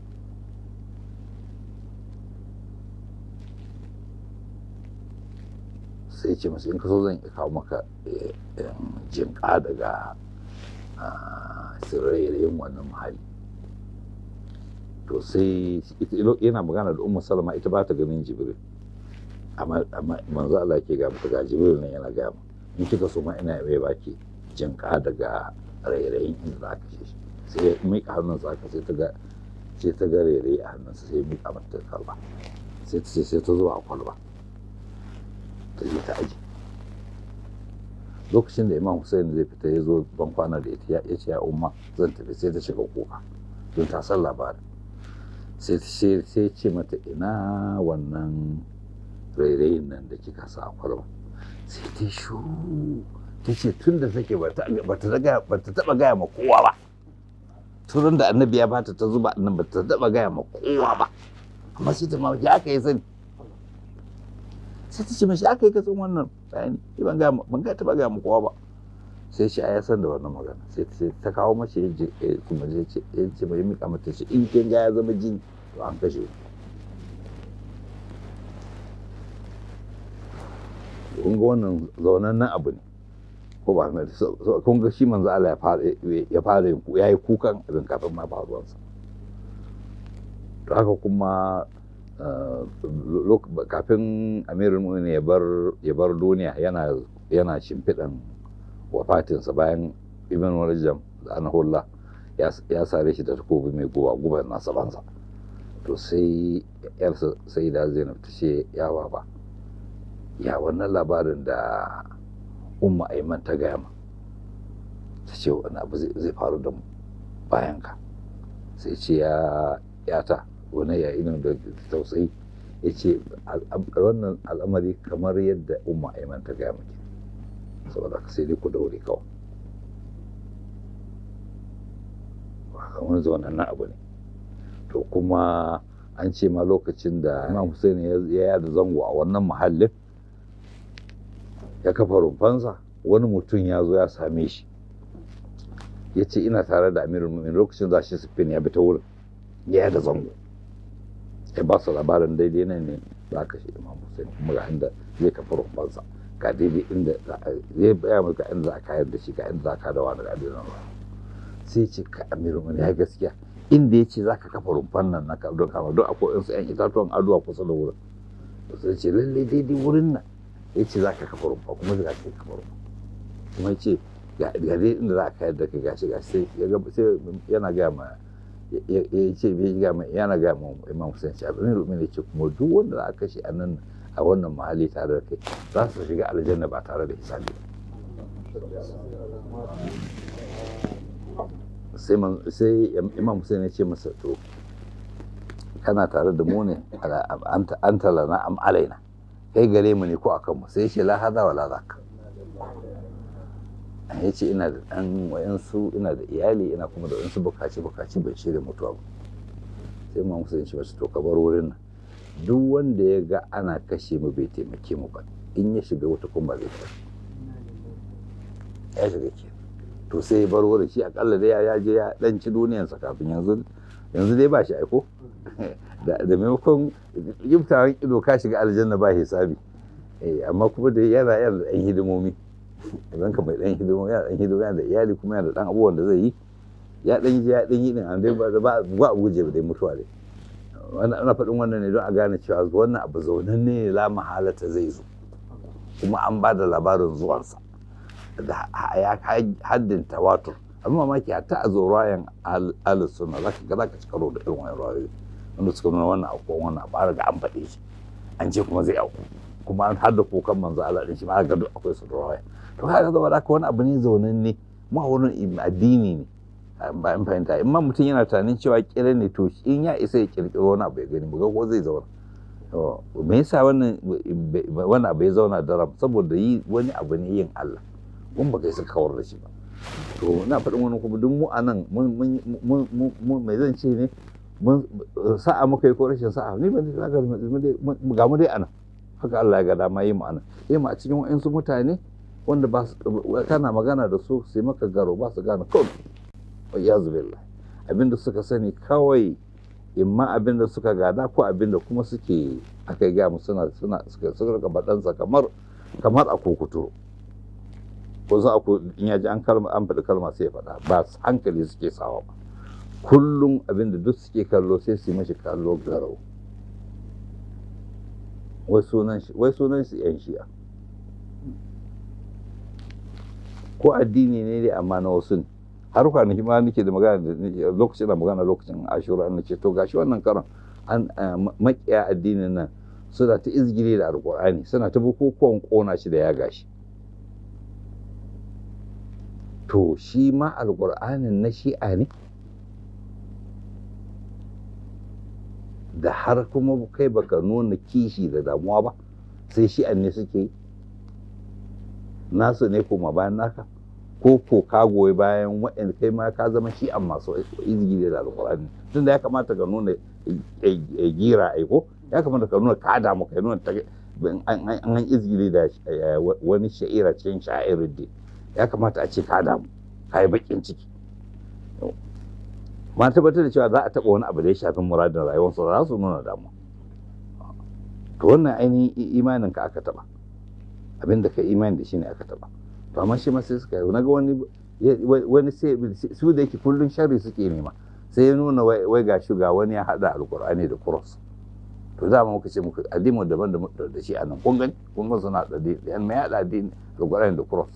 [SPEAKER 1] sai ce masu in ka so zan kawo maka jinƙa daga tsirayen wannan muhalli to sai yana magana da umar salama ita ba ta ganin jibril manzo Allah ke ga muku ga Jibril nan yana ga mu in kika so ma ina mai baki jinka daga rairayin in za ka shi sai ya miƙa hannun sa ka sai ta ga sai ta ga rairayi a hannun sa sai ya miƙa mata kalba sai ta sai ta zo a kwalba ta je ta aji lokacin da imam Hussein zai fita ya zo ban kwana da ita ya ce ya umma zan tafi sai ta shiga kuka don ta san labarin sai ce mata ina wannan rairayin nan da kika sa a sai ta shu ta ce tun da take ba ta taba gaya ma kowa ba turan da annabi ya bata ta zuba nan ba ta taba gaya ma kowa ba amma sai ta ma ya aka yi sani sai ta ce mashi aka yi kasan wannan bayani ban gaya ban ga taba gaya ma kowa ba sai shi ya san da wannan magana sai ta ce ta kawo mashi kuma ya ce ya ce mai mika mata shi in kin ga ya zama jini to an kashe ku kun ga wannan nan abu ne ko ba na so kun ga shi manzo Allah ya fara ya fara yayi kukan abin kafin ma faruwar sa to haka kuma eh, kafin Amirul Mu'minin ya bar ya bar duniya yana yana shimfiɗan wafatinsa bayan Ibn Rajab anahullah ya sare shi da takobi mai guba guban na sabansa to sai yarsa sai da Zainab ta ce ya baba ya wannan labarin da umma aiman ta gaya ma ta ce wani abu zai faru da mu bayan ka sai ce ya yata wani ya ina da tausayi ya ce wannan al'amari kamar yadda umma aiman ta gaya maki saboda ka sai dai ku daure kawai wani zaunan na abu ne to kuma an ce ma lokacin da imam hussein ya yada zango a wannan muhallin ya kafa rumfansa wani mutum ya zo ya same shi ya ce ina tare da amirin mummin lokacin za shi sufin ya bi ta wurin ya da zango ya ba su labarin daidai nan ne za ka shi imam hussein kuma ga inda zai kafa rumfansa ga daidai inda zai baya mai ga inda za a kayar da shi ga inda za ka da wani gadi nan sai ce ka amirin mummin ya gaskiya inda ya ce za ka kafa rumfan nan na don kama don akwai yan itatuwan aduwa kusa da wurin sai ce lallai daidai wurin nan ya ce za ka kafa rumfa kuma za ka kafa rumfa kuma ya ce ga dai inda za ka da ka gashi gashi sai yana gaya ma ya ce bai ga yana ga imam Hussein shi abin rumi ne ce kuma duk wanda za a kashe a nan a wannan mahalli tare da kai za su shiga aljanna ba tare da hisabi sai sai imam Hussein ya ce masa to kana tare da mu ne an talana am alaina kai gare mu ne ko akan mu sai ce la hada wala zaka ya ce ina da ɗan wayansu ina da iyali ina kuma da wayansu bukaci bukaci bai shirya mutuwa ba sai ma musu shi masu to bar wurin nan duk wanda ya ga ana kashe mu bai taimake mu ba in ya shiga wata kuma zai ta ya shiga ke to sai ya bar wurin shi akalla dai ya je ya ɗanci duniyansa kafin yanzu yanzu dai ba shi aiko da maimakon yubtawan ido ka shiga aljanna ba hisabi eh, amma kuma da yana yana da ɗan hidimomi idan ka mai ɗan hidimomi yana ɗan hidimomi yana da iyali kuma yana da ɗan abubuwan da zai yi ya ɗan ji ya ɗan yi ɗin an dai ba ba a guje ba dai mutuwa dai ana faɗin wannan ne don a gane cewa wannan abu zaunan ne la mahalata zai zo kuma an ba da labarin zuwansa da ya haddin tawatur amma mamaki hatta a zo rayan alisunna za ka ga za ka ci karo da irin wani rayuwa wanda suka nuna wannan aukuwan wannan abu an an faɗe shi an ce kuma zai auku kuma an har da kukan manzo Allah din shi ma ga akwai su rawaya to kaga da wani abu ne zaunan ne ma addini ne ba in fahimta in ma mutum yana tunanin cewa kira ne to in ya isa ya kirkiro wani abu ya gani ba ko zai zauna me yasa wannan wani abu ya zauna daram saboda yi wani abu ne yin Allah kun ba kai suka kawar da shi ba to na faɗin wani kuma duk mu a nan mun mai zan ce ne sa'a muka yi ko rashin sa'a ni ban za ka ga mu dai ana haka Allah ya ga dama yi mu ana eh mu a cikin wa'ansu mutane wanda ba kana magana da su sai maka garo ba su gane kawai ya zubillah abinda suka sani kawai imma abinda suka gada ko abinda kuma suke aka yi mu suna suna suka suka baɗansa kamar kamar a kokuto ko za ku, in yaji an kalma an faɗi kalma sai ya faɗa ba hankali suke sawa ba kullum abinda duk suke kallo sai su yi mashi kallo garau wai sunan su yan shi'a ko addini ne dai amma na wasu har kwanaki ma nake da magana lokacin da magana lokacin ashura na ce to gashi wannan karon an eh, makiya addinin nan suna ta izgire da alkur'ani suna ta bukukuwan kona shi da ya gashi to shi ma alkur'anin na shi'a ne da har kuma kai baka nuna kishi da damuwa ba sai shi ne suke yi nasu ne koma bayan naka ko ko ka goyi bayan waɗanda kai ma ka zama shi an masu izgi da alƙur'ani tun da ya kamata ka nuna a eh, eh, eh, gira aiko ya kamata ka nuna ka damu kai nuna an izgi da wani sha'ira cikin sha'irin ya kamata a ce ka damu ka yi baƙin ciki ma tabbatar da cewa za a taɓa wani abu da ya shafi muradin rayuwarsa za su nuna damu to wannan ainihin imanin ka aka taɓa abinda ka imani da shi ne aka taɓa to amma shi ma sai suka yi na ga wani wani sai su da yake kullum sharri suke nema sai ya nuna wai ga shuga wani ya haɗa alƙur'ani da Kuros. to za mu ce muka addini daban da shi a nan kun gani kun gani suna da addini mai haɗa addini alƙur'ani da Kuros.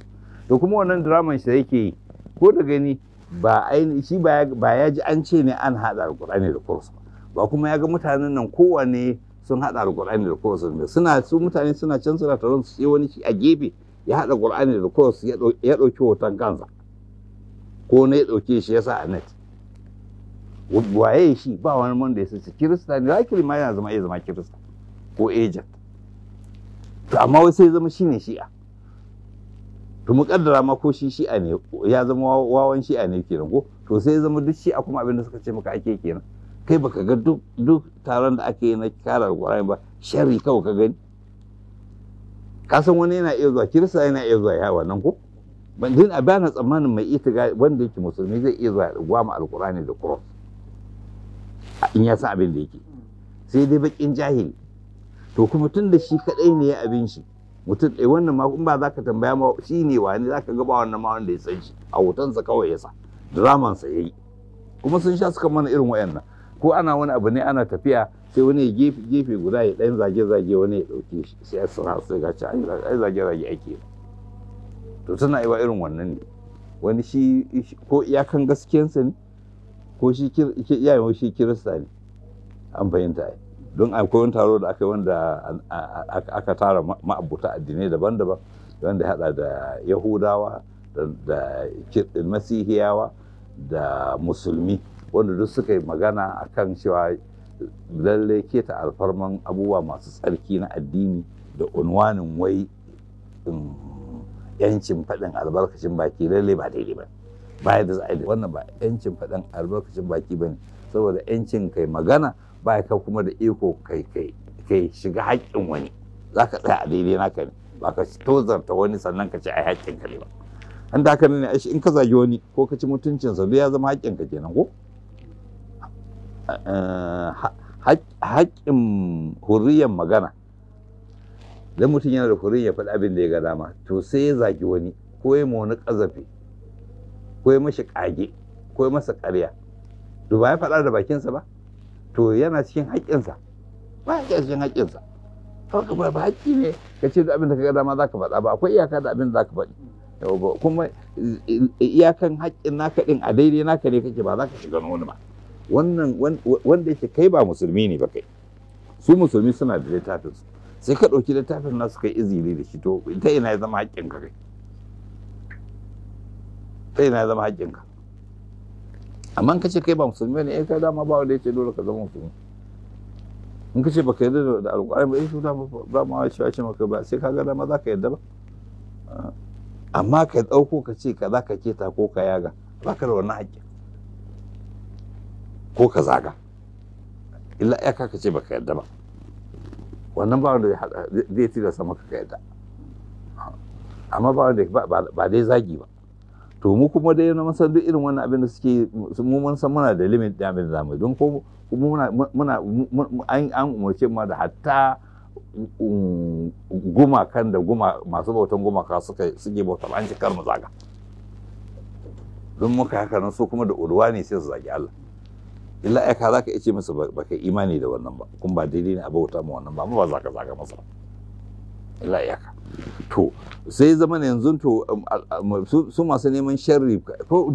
[SPEAKER 1] to kuma wannan draman shi yake yi ko da gani ba shi ba ya ji an ce ne an haɗa alƙur'ani da kursu ba kuma ya ga mutanen nan kowane sun haɗa alƙur'ani da kursu suna su mutane suna can suna taron su sai wani a gefe ya haɗa alƙur'ani da kursu ya ɗauki hoton kansa ko ne ya ɗauke shi ya sa a net waye shi ba wani wanda ya sace kirista ne hakili ma yana zama ya zama kirista ko agent to amma wai sai zama shi shine shi'a to mu kaddara ma ko shi shi'a ne ya zama wawan shi'a ne kenan ko to sai zama duk shi'a kuma abin da suka ce maka ake kenan kai baka ga duk duk taron da ake yi na kara Alƙurani ba sharri kawai ka gani ka san wani yana iya zuwa kirista yana iya zuwa ya wannan ko ban din a bayan tsammanin mai ita itiga wanda yake musulmi zai iya zuwa mu Alƙurani da cross in ya san abin da yake sai dai bakin jahili to kuma tun da shi kadai ne ya abin shi mutum 'Eh wannan ma in ba za ka tambaya ma shi ne wani za ka gaba wannan ma wanda ya san shi a hotonsa kawai ya sa dramansa ya yi kuma sun sha suka mana irin wayannan ko ana wani abu ne ana tafiya sai wani gefe gefe guda ya dan zage zage wani ya dauke shi sai ya sana sai ga ci ai zage zage ake to tana yi irin wannan ne wani shi ko gaskiyar gaskiyansa ne ko shi iyayen shi kirista ne an fahimta ai don akwai wani taro da aka yi wanda aka tara ma'abuta addinai daban-daban wanda hada da yahudawa da masihiyawa da musulmi wanda duk suka yi magana a kan cewa lallai keta alfarman abubuwa masu tsarki na addini da unwanin wai um, yancin faɗin albarkacin baki lallai ba daidai ba Ba da za a yi wannan ba yancin faɗin albarkacin baki ba ne saboda yancin kai magana ba ka kuma da iko kai kai kai shiga haƙƙin wani za ka tsaya a daidai naka ne ba ka tozarta wani sannan ka ce ai haƙƙin ka ne ba an da haka ne in ka zagi wani ko ka ci mutuncinsa duk ya zama haƙƙin ka kenan ko eh, haƙƙin hurriyar magana dan mutum yana da hurriyar faɗi abin da ya ga dama to sai ya zagi wani ko ya ma wani ƙazafi ko ya mashi ƙage ko ya masa ƙarya to ba ya faɗa da bakinsa ba to yana cikin haƙƙinsa ba ya cikin haƙƙinsa haka ba haƙƙi ne ka ce abin da ka gada ma za ka faɗa ba akwai iyaka da abin da za ka faɗi kuma iyakan haƙƙin naka ɗin a daidai naka ne kake ba za ka shiga wani ba wannan wanda yake kai ba musulmi ne ba kai su musulmi suna da littafinsu sai ka ɗauki littafin nasu kai izini da shi to ta ina ya zama haƙƙinka kai ta ina ya zama haƙƙinka amma ka ce kai ba musulmi ne eh kai dama ba wanda yake dole ka zama musulmi in ce ba ka yarda da alƙur'ani ba eh to ba ma shi ce maka ba sai ka ga dama za ka yarda ba ah, amma ka ɗauko ka ce ka za ka keta ko ka yaga ba ka da wannan haƙƙi ko ka zaga illa ya ka ce ba ka yarda ba wannan ba wanda zai tilasta maka ka yarda ah, amma ba wanda ba dai zagi ba to mu kuma dai na san duk irin wannan abin da suke mu mun san muna da limit da abin zamu don ko muna muna an an umarce ma da hatta um, gumakan da guma masu bautan gumaka suka suke bautar an ci mu zaga don muka haka nan su kuma da urwa ne sai su zagi Allah illa ai ka zaka ce musu baka imani da wannan ba kun ba daidai ne a bauta ma wannan ba mu ba zaka zaga masa illa iyaka to sai zama yanzu to um, um, su masu neman sharri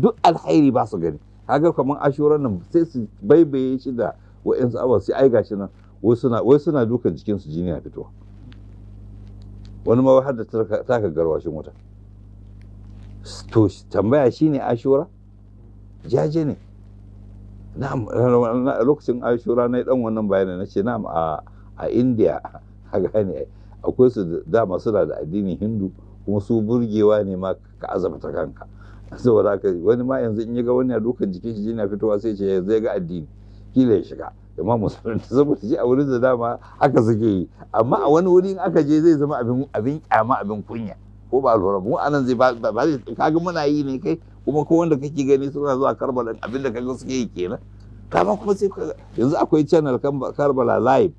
[SPEAKER 1] duk alkhairi ba su gani kaga kamar ashuran nan sai su baibaye shi da wa'yansu abubuwa sai ai gashi nan wai suna dukan jikinsu jini na fitowa wani ma har da taka garwashin wuta to tambaya shine ashura jaje ne na'am lokacin ashura na dan wannan bayanin na ce na'am a a india a gane akwai su dama suna da addinin hindu kuma su burgewa ne ma ka azabta kanka saboda haka wani ma yanzu in ya ga wani dukan jikin shi yana fitowa sai ce yanzu ya ga addini kila ya shiga amma musulunci saboda shi a wurin da dama aka suke yi amma a wani wuri in aka je zai zama abin abin kyama abin kunya ko ba lura mu anan zai ba zai kaga muna yi ne kai kuma ko wanda kake gani suna zuwa Karbala abin da kaga suke yi kenan kama kuma sai yanzu akwai channel Karbala live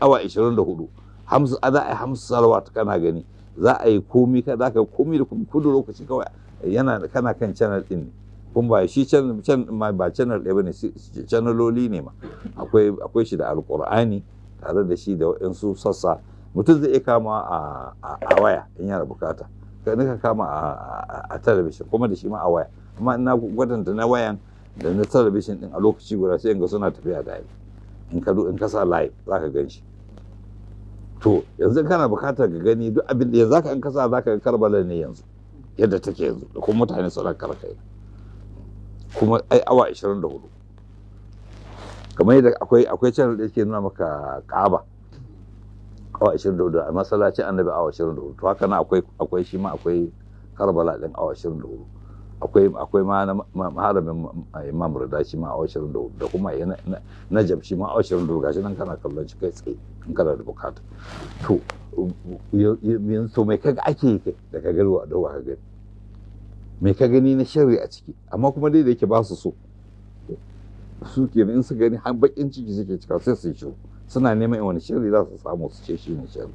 [SPEAKER 1] awa 24 hamsu a za a yi hamsu salawat kana gani za a yi komi ka za ka komi da kudu lokaci kawai yana kana kan channel din ne kun ba shi ba channel ɗaya bane channeloli ne ma akwai shi da alƙur'ani tare da shi da waɗansu sassa mutum zai iya kama a waya in yana bukata ka kama a talabishin kuma da shi ma a waya amma ina gwadanta na wayan da na talabishin din a lokaci guda sai in ga suna tafiya da in ka in ka sa live za ka gan shi to yanzu kana bukatar ka gani duk abin da yanzu an kasa za ka ga karbala ne yanzu yadda take yanzu da kuma mutane su ran kai kuma ai awa 24 kamar yadda akwai akwai channel da yake nuna maka kaba awa 24 a masallaci annabi awa 24 to haka na akwai akwai shi ma akwai karbala din awa 24 akwai ma ma haramin imam rida shi ma awashirin da da kuma na jamshi ma awashirin da gashi nan kana kallon shi kai tsaye in kana da bukata to yanzu to mai kaga ake yi da ka gani wa dauka ka gani mai ka gani na shari a ciki amma kuma dai da yake ba su so su ke in su gani har bakin ciki suke cika sai su shiru suna neman wani shari za su samu su ce shi ne shari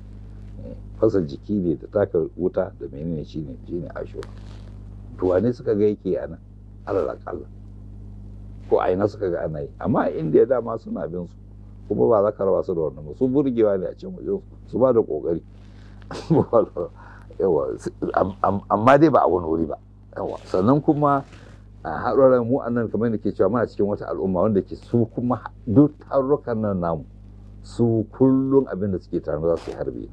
[SPEAKER 1] eh, fasa jiki ne da taka wuta da menene shi ne shi ne ashura to wane suka ga yake a nan alal ko a ina suka ga ana yi amma a indiya dama suna bin su kuma ba za ka raba su da wannan ba su burgewa ne a can wajen su ba da kokari amma dai ba a wani wuri ba yawa sannan kuma a haɗuwar mu a nan kamar da ke cewa muna cikin wata al'umma wanda ke su kuma duk tarurrukan nan namu su kullum abin da suke tare za su yi harbi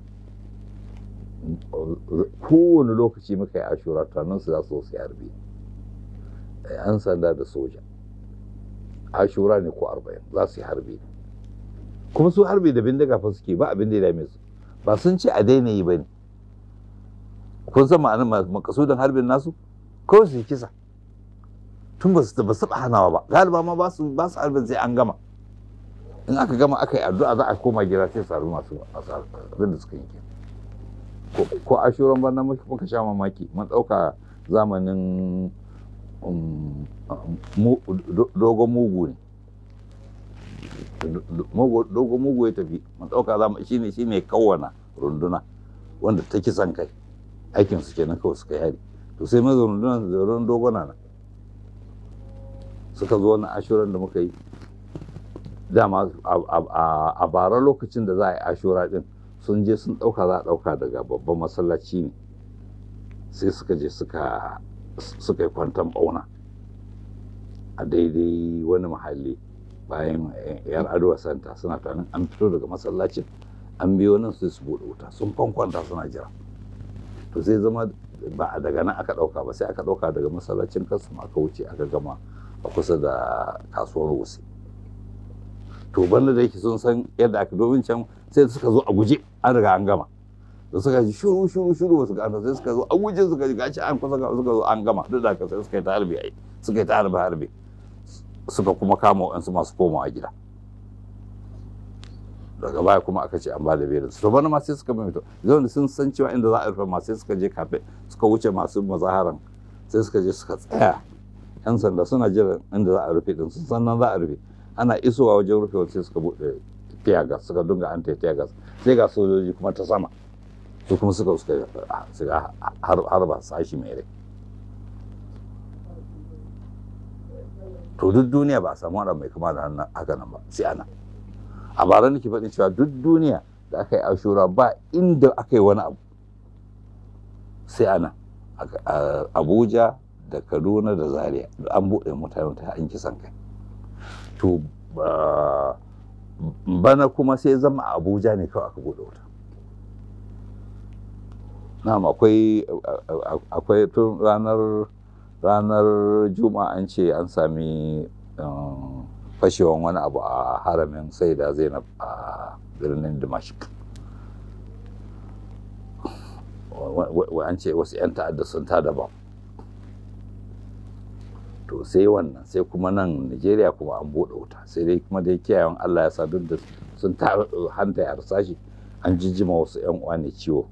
[SPEAKER 1] kowane lokaci muka yi ashura tunanin su za su zo su harbe eh, an sanda da soja ashura ne ko arba'in za su yi harbe kuma su harbe da bindiga fa suke ba abin da ya dame su ba sun ce a daina yi ba ne kun san ma'anar makasudin harbin nasu kawai su yi kisa tun ba su ba su hanawa ba galiba ma ba su ba su harbin sai an gama in aka gama aka yi addu'a za a koma gida sai su harbi masu abin da suka yi ko ashirin bana muka sha mamaki mun ɗauka zamanin um, dogon mugu ne dogon mugu ya tafi mun ɗauka zamanin shi ne shi ne kawana runduna wanda ta kisan kai aikin su kenan kawai suka yari to sai mai rundunar zaurin dogona na suka zo wannan ashirin da muka yi dama a bara lokacin da za a yi ashura din sun je sun ɗauka za a ɗauka daga babban masallaci ne sai suka je suka yi kwantan bauna a daidai wani mahalli bayan yar adowa santa suna tanin an fito daga masallacin an biyo nan sai su buɗe wuta sun kwankwanta suna jira to sai zama ba a daga nan aka ɗauka ba sai aka ɗauka daga masallacin kansu aka wuce aka gama a kusa da kasuwar wuse to banda da yake sun san yadda aka domin can sai suka zo a guje an riga an gama da suka ji shuru shuru shuru ba su gano sai suka zo a guje suka ji gashi an kusa suka zo an gama duk da sai suka yi ta harbe ai suka yi ta harbe harbe suka kuma kama wa'ansu masu komawa gida daga baya kuma aka ce an ba da berin su bana ma sai suka to zan sun san cewa inda za a rufe ma sai suka je kafe suka wuce masu mazaharan sai suka je suka tsaya yan sanda suna jiran inda za a rufe din sun san nan za a rufe ana isowa wajen rufe sai suka buɗe tear gas suka dunga an tear gas sai ga sojoji kuma ta sama su kuma suka suka ah, har ba sashi mai rai to duk duniya ba a samu wani mai kama da haka nan ba sai ana a bara nake faɗin cewa duk duniya da aka yi ashura ba inda aka yi wani abu sai ana abuja da kaduna da zaria an buɗe mutane ta an kisan kai to bana kuma sai zama a abuja ne kawai aka bude wuta na'am akwai akwai tun ranar ranar juma'a an ce an sami eh, fashewan wani abu a haramin sai da zainab a birnin dimashik an ce wasu 'yan ta'adda sun tada to sai wannan sai kuma nan Najeriya kuma an buɗe wuta sai dai kuma dai kiyayen Allah ya duk da sun ta hanta ya harsashi an jijjima wasu yan uwa ne ciwo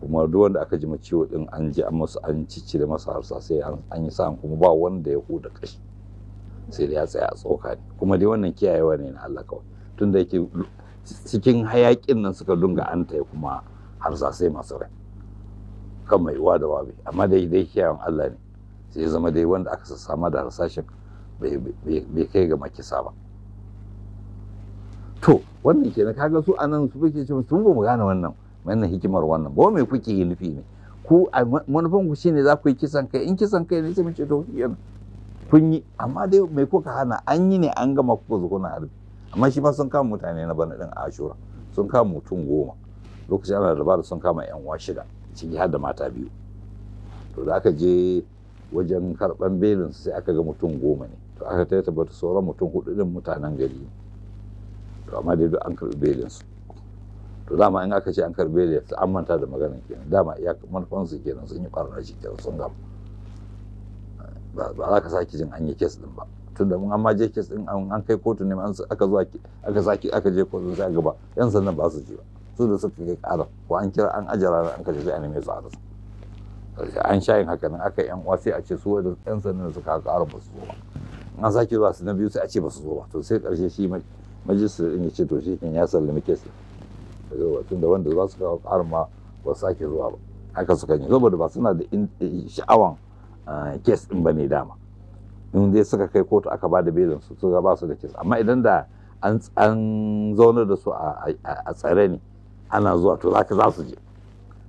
[SPEAKER 1] kuma duk wanda aka jima ciwo din an ji an musu an ciccire masa harsa sai an yi sa'an kuma ba wanda ya huda kashi sai dai ya tsaya a tsoka ne kuma dai wannan kiyayewa ne na Allah kawai tun da yake cikin hayakin nan suka dunga an ta kuma harsa sai masu rai kan mai uwa da wabi amma dai dai kiyayen Allah ne sai zama dai wanda aka sassama da harsashin bai kai ga makisa ba to wannan kenan kaga su anan su kuke cewa sun ba mu gane wannan wannan hikimar wannan ba mai kuke yi nufi ne ku manufan ku shine za ku yi kisan kai in kisan kai ne sai mu ce to kun yi amma dai mai kuka hana an yi ne an gama kuka zo kuna harbi amma shi ma sun kama mutane na bana din ashura sun kama mutum goma lokacin ana da sun kama yan uwa shida ciki har da mata biyu to da aka je wajen karban belin sai aka ga mutum goma ne to aka ta tabbata sauran mutum hudu din mutanen gari ne to amma dai duk an karbi belin su to dama in aka ce an karbi belin su an manta da maganar kenan dama iya manufan su kenan sun yi barna shi kenan sun gama ba za ka saki jin an yi kes din ba tunda mun amma je kes din an kai kotu ne aka zuwa aka saki aka je kotu sai gaba yan sandan ba su ji ba su da suka kai ƙara ko an kira an ajara an kaje sai an neme su a rasa an sha yin haka nan aka yan uwa sai a ce su wadda yan da suka ƙara ba su zo ba an sake zuwa su na biyu sai a ce ba su zo ba to sai ƙarshe shi majalisar ɗin ya ce to shi ya sallami kesi daga tun da wanda za su kawo ƙarin ma ba su sake zuwa ba haka suka yi saboda ba suna da eh, sha'awan kes eh, ɗin ba ne dama in dai suka kai kotu aka ba da belin su suka ba su da kes amma idan da an zaunar da su a tsare ne ana zuwa to za ka za su je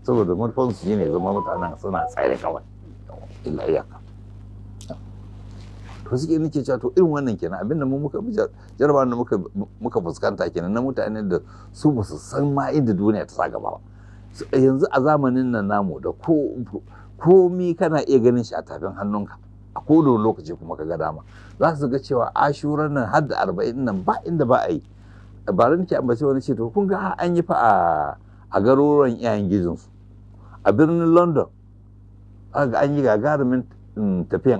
[SPEAKER 1] saboda manufansu su ne zama mutanen suna tsaye kawai illa iyaka to suke nake cewa to irin wannan kenan abinda mu muka jarba da muka muka fuskanta kenan na mutane da su ba san ma inda duniya ta sa ba yanzu a zamanin nan namu da ko komi kana iya ganin shi a tafin hannunka a kodon lokaci kuma ka ga dama za su ga cewa ashuran nan har da arba'in nan ba inda ba a yi ba da nake wani ce to kun ga an yi fa a garuruwan iyayen su a birnin london an yi gagarumin mm, tafiyan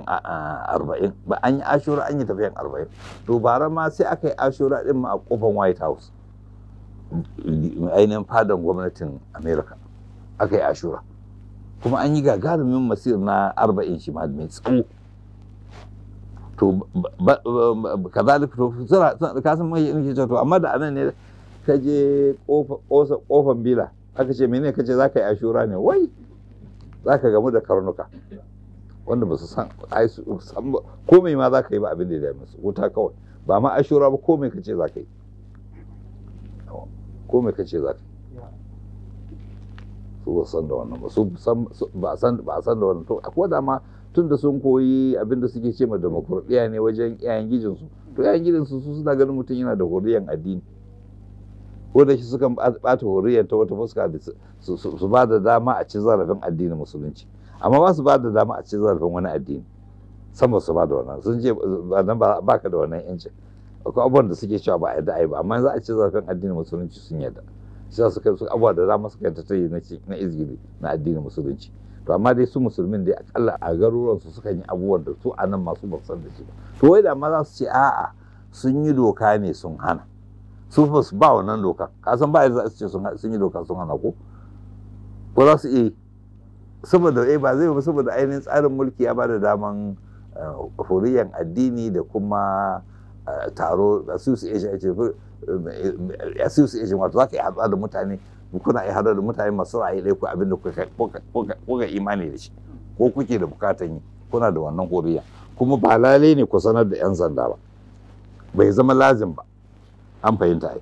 [SPEAKER 1] arba'in ba an yi ashura an yi tafiyan arba'in to bara ma sai aka yi ashura din ma a kofan white house ainihin fadon gwamnatin america aka yi ashura kuma an yi gagarumin masir na arba'in shi ma mai tsawo to ka za to suna kasan mai yi inke to amma da anan ne ka je kofan bila aka ce mene kace za ka yi ashura ne wai za ka gamu da karnuka wanda ba su san komai ma za ka yi ba abin da ya musu ko wuta kawai ba ma ashura ba komai kace za ka yi komai kace za ka yi su ba san da wannan ba su ba san ba san da wannan to akwai da ma tun da sun koyi abin da suke ce ma demokradiya ne wajen 'ya'yan gijinsu to 'ya'yan gijinsu su suna ganin mutum yana da hurriyan addini ko da shi sukan bata horiyar ta wata fuska su ba da dama a ci zarafin addinin musulunci amma ba su ba da dama a ci zarafin wani addini san ba su ba da wannan sun ce ba ka da wannan yancin akwai abubuwan da suke cewa ba a yadda ba amma za a ci zarafin addinin musulunci sun yadda sai su kai abubuwa da dama suka ta yi na izgiri na addinin musulunci to amma dai su musulmin dai akalla a garuruwan su sukan yi abubuwan da su a nan masu ba san da shi to wai da amma za su ce a'a sun yi doka ne sun hana su ba wannan doka ka san ba za su ce sun yi doka sun hana ko ko za su iya saboda eh ba zai ba saboda ainihin tsarin mulki ya bada daman eh, huriyan addini da kuma eh, taro eh, association wato za ka yi haɗuwa da mutane kuna yi haɗuwa da mutane masu ra'ayi ɗaya ko abin da kuka imani da shi ko kuke da bukatan yi kuna da wannan huriya kuma ba lalai ne ku sanar da 'yan sanda ba bai zama lazim ba an fahimta ai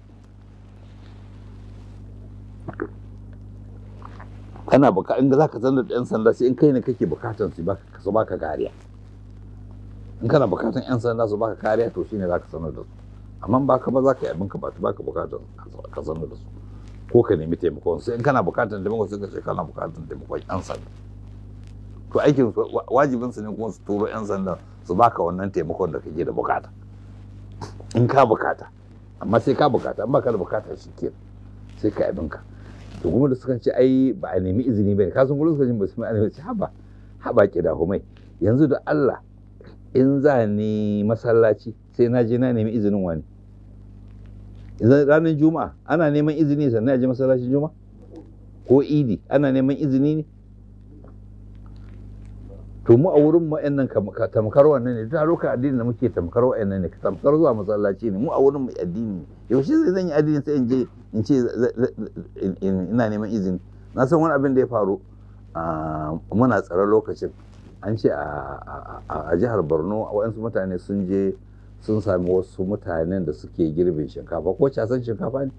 [SPEAKER 1] kana buka in za ka sanar da 'yan sanda sai in kai ne kake bukatan su su baka kariya in kana bukatan 'yan sanda su baka kariya to shine za ka sanar da su amma ba ka ba za ka yi abin ka ba baka bukatan ka sanar da su ko ka nemi taimakon su in kana bukatan taimakon su ka ce kana bukatan taimakon 'yan sanda to aikin wajibin su ne kuma su turo 'yan sanda su baka wannan taimakon da kake da bukata in ka bukata amma sai ka bukata amma ka da bukata shi ke sai ka abin ka to kuma da suka ce ai ba a nemi izini bane ka san gurin suka ce ba su ma annabi ce haba haba ke da mai yanzu da Allah in za ni masallaci sai na je na nemi izinin wani idan ranar juma'a ana neman izini sannan ya je masallacin juma'a ko idi ana neman izini ne to mu a wurin mu tamkar wannan ne duk lokacin addini da muke tamkar wannan ne tamkar zuwa masallaci ne mu a wurin mu addini yaushe zai zan yi addini sai in je in ce ina neman izini na san wani abin da ya faru muna tsare lokacin an ce a jihar borno waɗansu mutane sun je sun sami wasu mutanen da suke girbin shinkafa ko casan shinkafa ne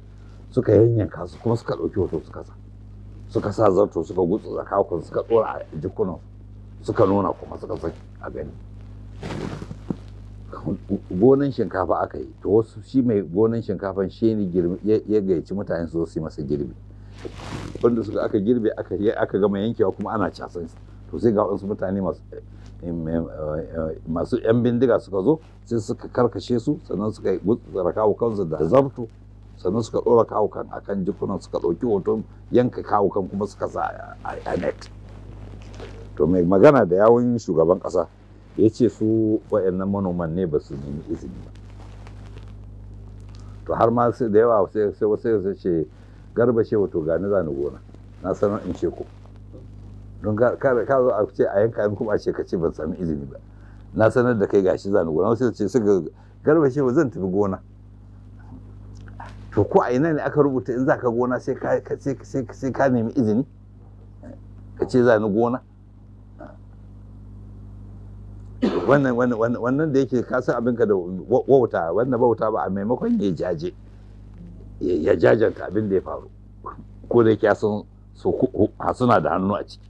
[SPEAKER 1] suka yanyanka su kuma suka ɗauki hoto suka sa suka sa zarto suka gutsu tsakakun suka tsora a jikunansu suka nuna kuma suka saki a gani gonan shinkafa aka yi to wasu shi mai gonan shinkafan shi ne ya gayyaci mutane su su yi masa girbi wanda suka aka girbe aka gama yankewa kuma ana casan to sai ga wasu mutane masu yan eh, eh, eh, bindiga suka zo sai suka karkashe su sannan suka gutsara kawo kansu da zabto sannan suka ɗora kawukan akan jikunan suka ɗauki hoton yanka kawukan kuma suka sa a net to mai magana da yawun shugaban ƙasa ya ce su waɗannan manoman ne ba su nemi izini ba to har ma da yawa sai wasu sai ce garba ce wato gani zani gona na sanar in ce ku don ka zo a ce a yanka kuma a ce ka ce ban sami izini ba na sanar da kai gashi zani gona wasu ce su garba ce zan tafi gona to ko a ina ne aka rubuta in za ka gona sai ka nemi izini ka ce zani gona wannan wannan wannan da yake kasa abinka da wauta wannan bauta ba a maimakon ya jaje ya jajanta abin da ya faru ko da yake sun su suna da hannu a ciki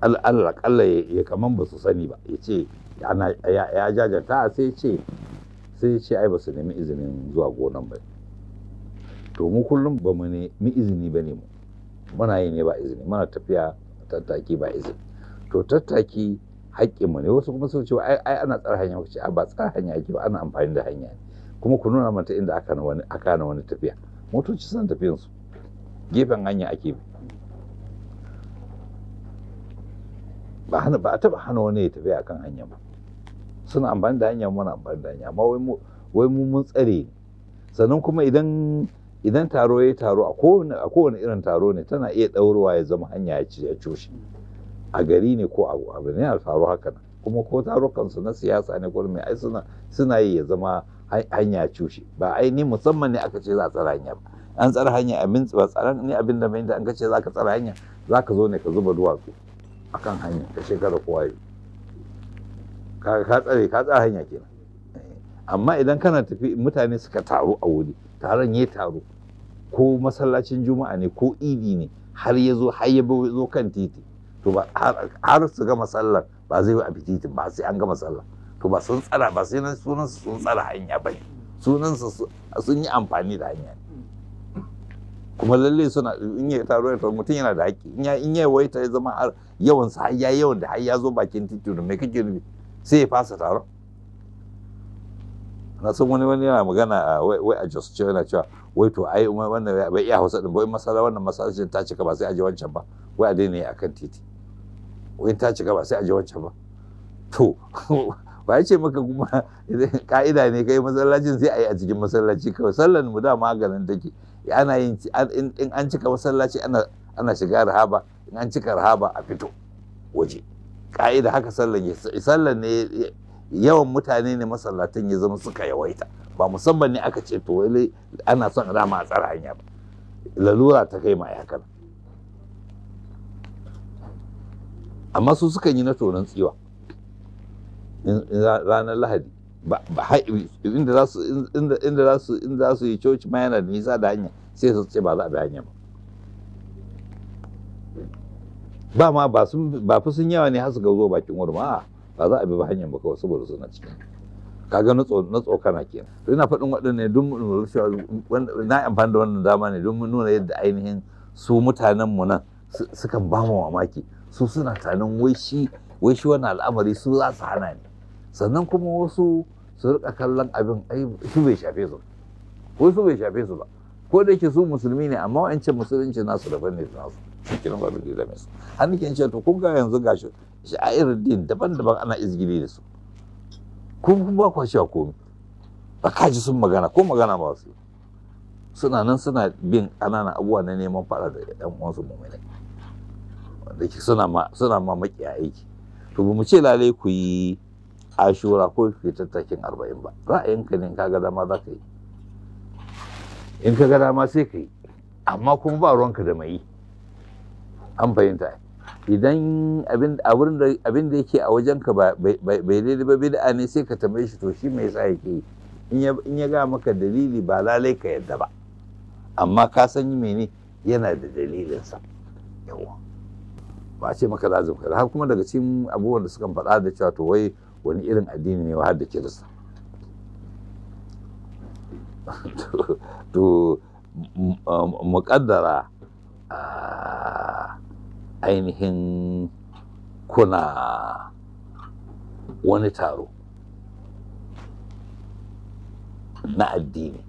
[SPEAKER 1] Allah kalla ya kaman ba su sani ba ya ce ya jajanta sai ce sai ce ai ba su nemi izinin zuwa gonan ba to mu kullum ba mu ne, mi izini ba ne mu muna yi ne ba izini muna tafiya tattaki ba izini to tattaki haƙƙinmu ne wasu kuma sun ce ai ana tsara hanya wace a ba tsara hanya ake ba ana amfani da hanya ne kuma ku nuna mata inda aka wani aka na wani tafiya motoci suna tafiyan su gefen hanya ake ba hana ba a taba hana wani ya tafiya akan hanya ba suna amfani da hanya muna amfani da hanya amma wai mu mun tsare sannan kuma idan idan taro ya taro a kowane irin taro ne tana iya ɗaurowa ya zama hanya ya ci ya cushe a gari ne ko a abu ne a faru haka nan kuma ko tarukan su na siyasa ne ko mai ai suna suna yi ya zama hanya cushe ba ai ni musamman ne aka ce za a tsara hanya ba an tsara hanya min ba tsaran ne abin da mai da an kace za ka tsara hanya za ka zo ne ka zuba duwatsu akan hanya ka shekara kowa yi ka tsare ka tsara hanya kenan eh, amma idan kana tafi mutane suka taru a wuri taron ya taru ko masallacin juma'a ne ko idi ne har ya zo har ya zo kan titi to ba har su gama sallar ba zai yi a fititin ba sai an gama sallar to ba sun tsara ba sai nan sunan su sun tsara hanya ba sunan su sun yi amfani da hanya kuma lalle suna in ya taro ya mutum yana da haƙƙi in ya in ya waita ya zama har yawan sa har ya yawan da har ya zo bakin titi da me kake nufi sai ya fasa taron na san wani wani yana magana a wai a jos cewa yana cewa wai to ai wannan bai iya hausa din bai masala wannan masalacin ta cika ba sai a je wancan ba wai a daina yi akan titi in ta cika ba sai a je wancan ba to ba ce maka kuma ka'ida ne kai masallacin sai a yi a cikin masallaci kawai sallan mu da maganin take ana yin in an cika masallaci ana ana shiga rahaba in an cika rahaba a fito waje ka'ida haka sallan sallan ne yawan mutane ne masallatan ya zama suka yawaita ba musamman ne aka ce to ana son rama a tsara hanya ba lalura ta kai ma ya amma su sukan yi na tonon tsiwa ranar lahadi inda za su inda za su inda za su yi coci ma yana da nisa da hanya sai su ce ba za a bi hanya ba ba ma ba sun ba fi sun yawa ne har su ga zo bakin wurin ma ba za a bi ba hanyar ba kawai saboda suna cikin kaga na tsokana kenan to ina faɗin waɗannan don mu nuna na amfani da wannan dama ne don mu nuna yadda ainihin su mutanen mu nan sukan ba mu mamaki su suna tunanin wai shi wai shi wannan al'amari su za su hana ni sannan kuma wasu su rika kallon abin ai su bai shafe su wai su bai shafe su ba ko da yake su musulmi ne amma wa'ancan musulunci nasu daban ne da nasu shi ba babu da dame su har nake cewa to kun ga yanzu gashi irin din daban-daban ana izgiri da su kun kun ba kwashi A komai ba ka ji sun magana ko magana ba su suna nan suna bin ƙananan abubuwa na neman fara da 'yan uwansu mummunai da suna ma suna ma aiki to ba mu ce lalai ku yi ashura ko ku tattakin arba'in ba ka ne ka ga dama za ka yi in ka ga dama sai ka yi amma kuma ba ruwanka da mai an fahimta idan abin da yake a wajen ka bai daidai ba bid'a ne sai ka tambaye shi to shi mai sa yake in ya ga maka dalili ba lalai ka yadda ba amma ka san mene yana da dalilinsa yawon. ba a ce maka lazim kaza har kuma daga cikin abubuwan da suka faɗa da cewa to wai wani irin addini ne har da kirista to muƙaddara ainihin kuna wani taro na addini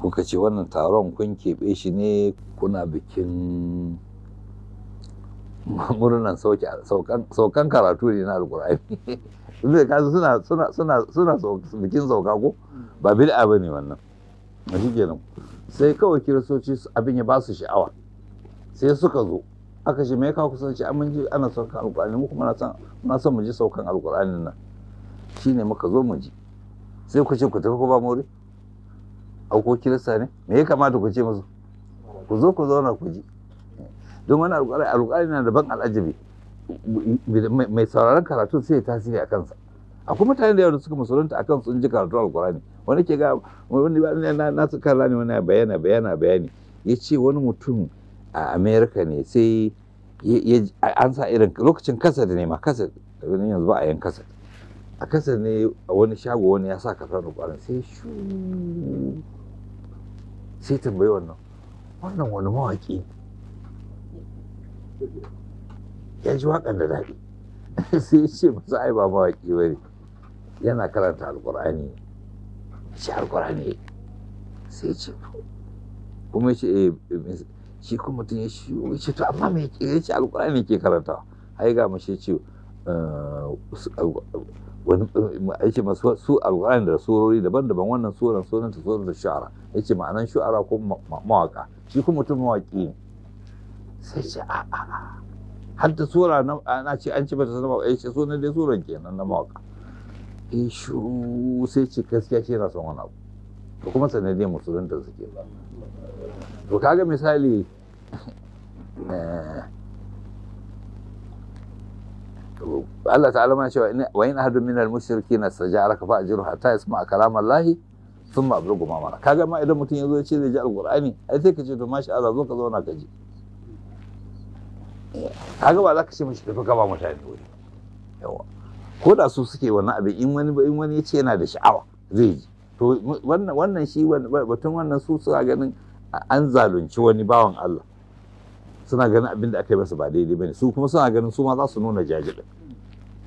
[SPEAKER 1] kuka ce wannan taron kun keɓe shi ne kuna bikin murnan saukan karatu ne na alkurai zai kasu suna suna suna suna bikin sauka ko mm. ba bil abu ne wannan shi kenan sai kawai kiristoci abin ya ba su sha'awa sai suka zo aka shi mai ka kusanci an ji ana saukan alkurai mu kuma na son mu ji saukan alkurai nan ne muka zo mu ji sai ku ce ku tafi ku ba a auko kirista ne me ya kamata ku ce musu ku zo ku zauna ku ji don wani alƙari na da ban al'ajabi mai sauraron karatu sai ya tasiri a kansa akwai mutane da yawa da suka musulunta a kan sun ji karatu alƙur'ani wani ke ga wani na su kalla ne wani bayana bayana bayani ya ce wani mutum a america ne sai an sa irin lokacin kasa da nema kasa wani yanzu ba a yan kasa a kasa ne a wani shago wani ya sa kafar alƙur'ani sai shu sai tambayi wannan wannan wani mawaƙi ne ya ji waƙar da daɗi sai ya ce masu ai ba mawaƙi ba ne yana karanta alƙur'ani shi alƙur'ani sai ya ce kuma ya ce eh shi kuma mutum ya shi ya ce to amma me ya ce alƙur'ani ke karanta ai ga mashi ya ce eh, wani ya ce masu su alƙur'ani da surori daban-daban wannan suran sunan ta suran ta shu'ara ya ce ma'anan shu'ara ko mawaƙa shi kuma mutum mawaƙi ne sai ce a a a har da sura na ce an ci bata sanar mawaƙa ce na dai suran kenan na mawaƙa e eh, shu sai ce gaskiya shi na son wani abu to kuma sanadiyar musulun da suke ba to kaga misali eh, Allah ta'ala ma cewa wa in ahadun min al mushrikin ka fa ajru hatta yasma'a kalam Allah thumma ablughu ma mara kaga ma idan mutum yazo ya ce zai ji alqur'ani ai sai ka ce to mashi Allah zo ka zauna ka ji kaga ba za ka ce mishi tafi ka ba mutane wuri yawa ko da su suke wannan abin in wani in wani ya ce yana da sha'awa zai ji to wannan wannan shi batun wannan su suna ganin an zalunci wani bawan Allah suna ganin abin da aka yi masa ba daidai bane su kuma suna ganin su ma za su nuna jajiɗin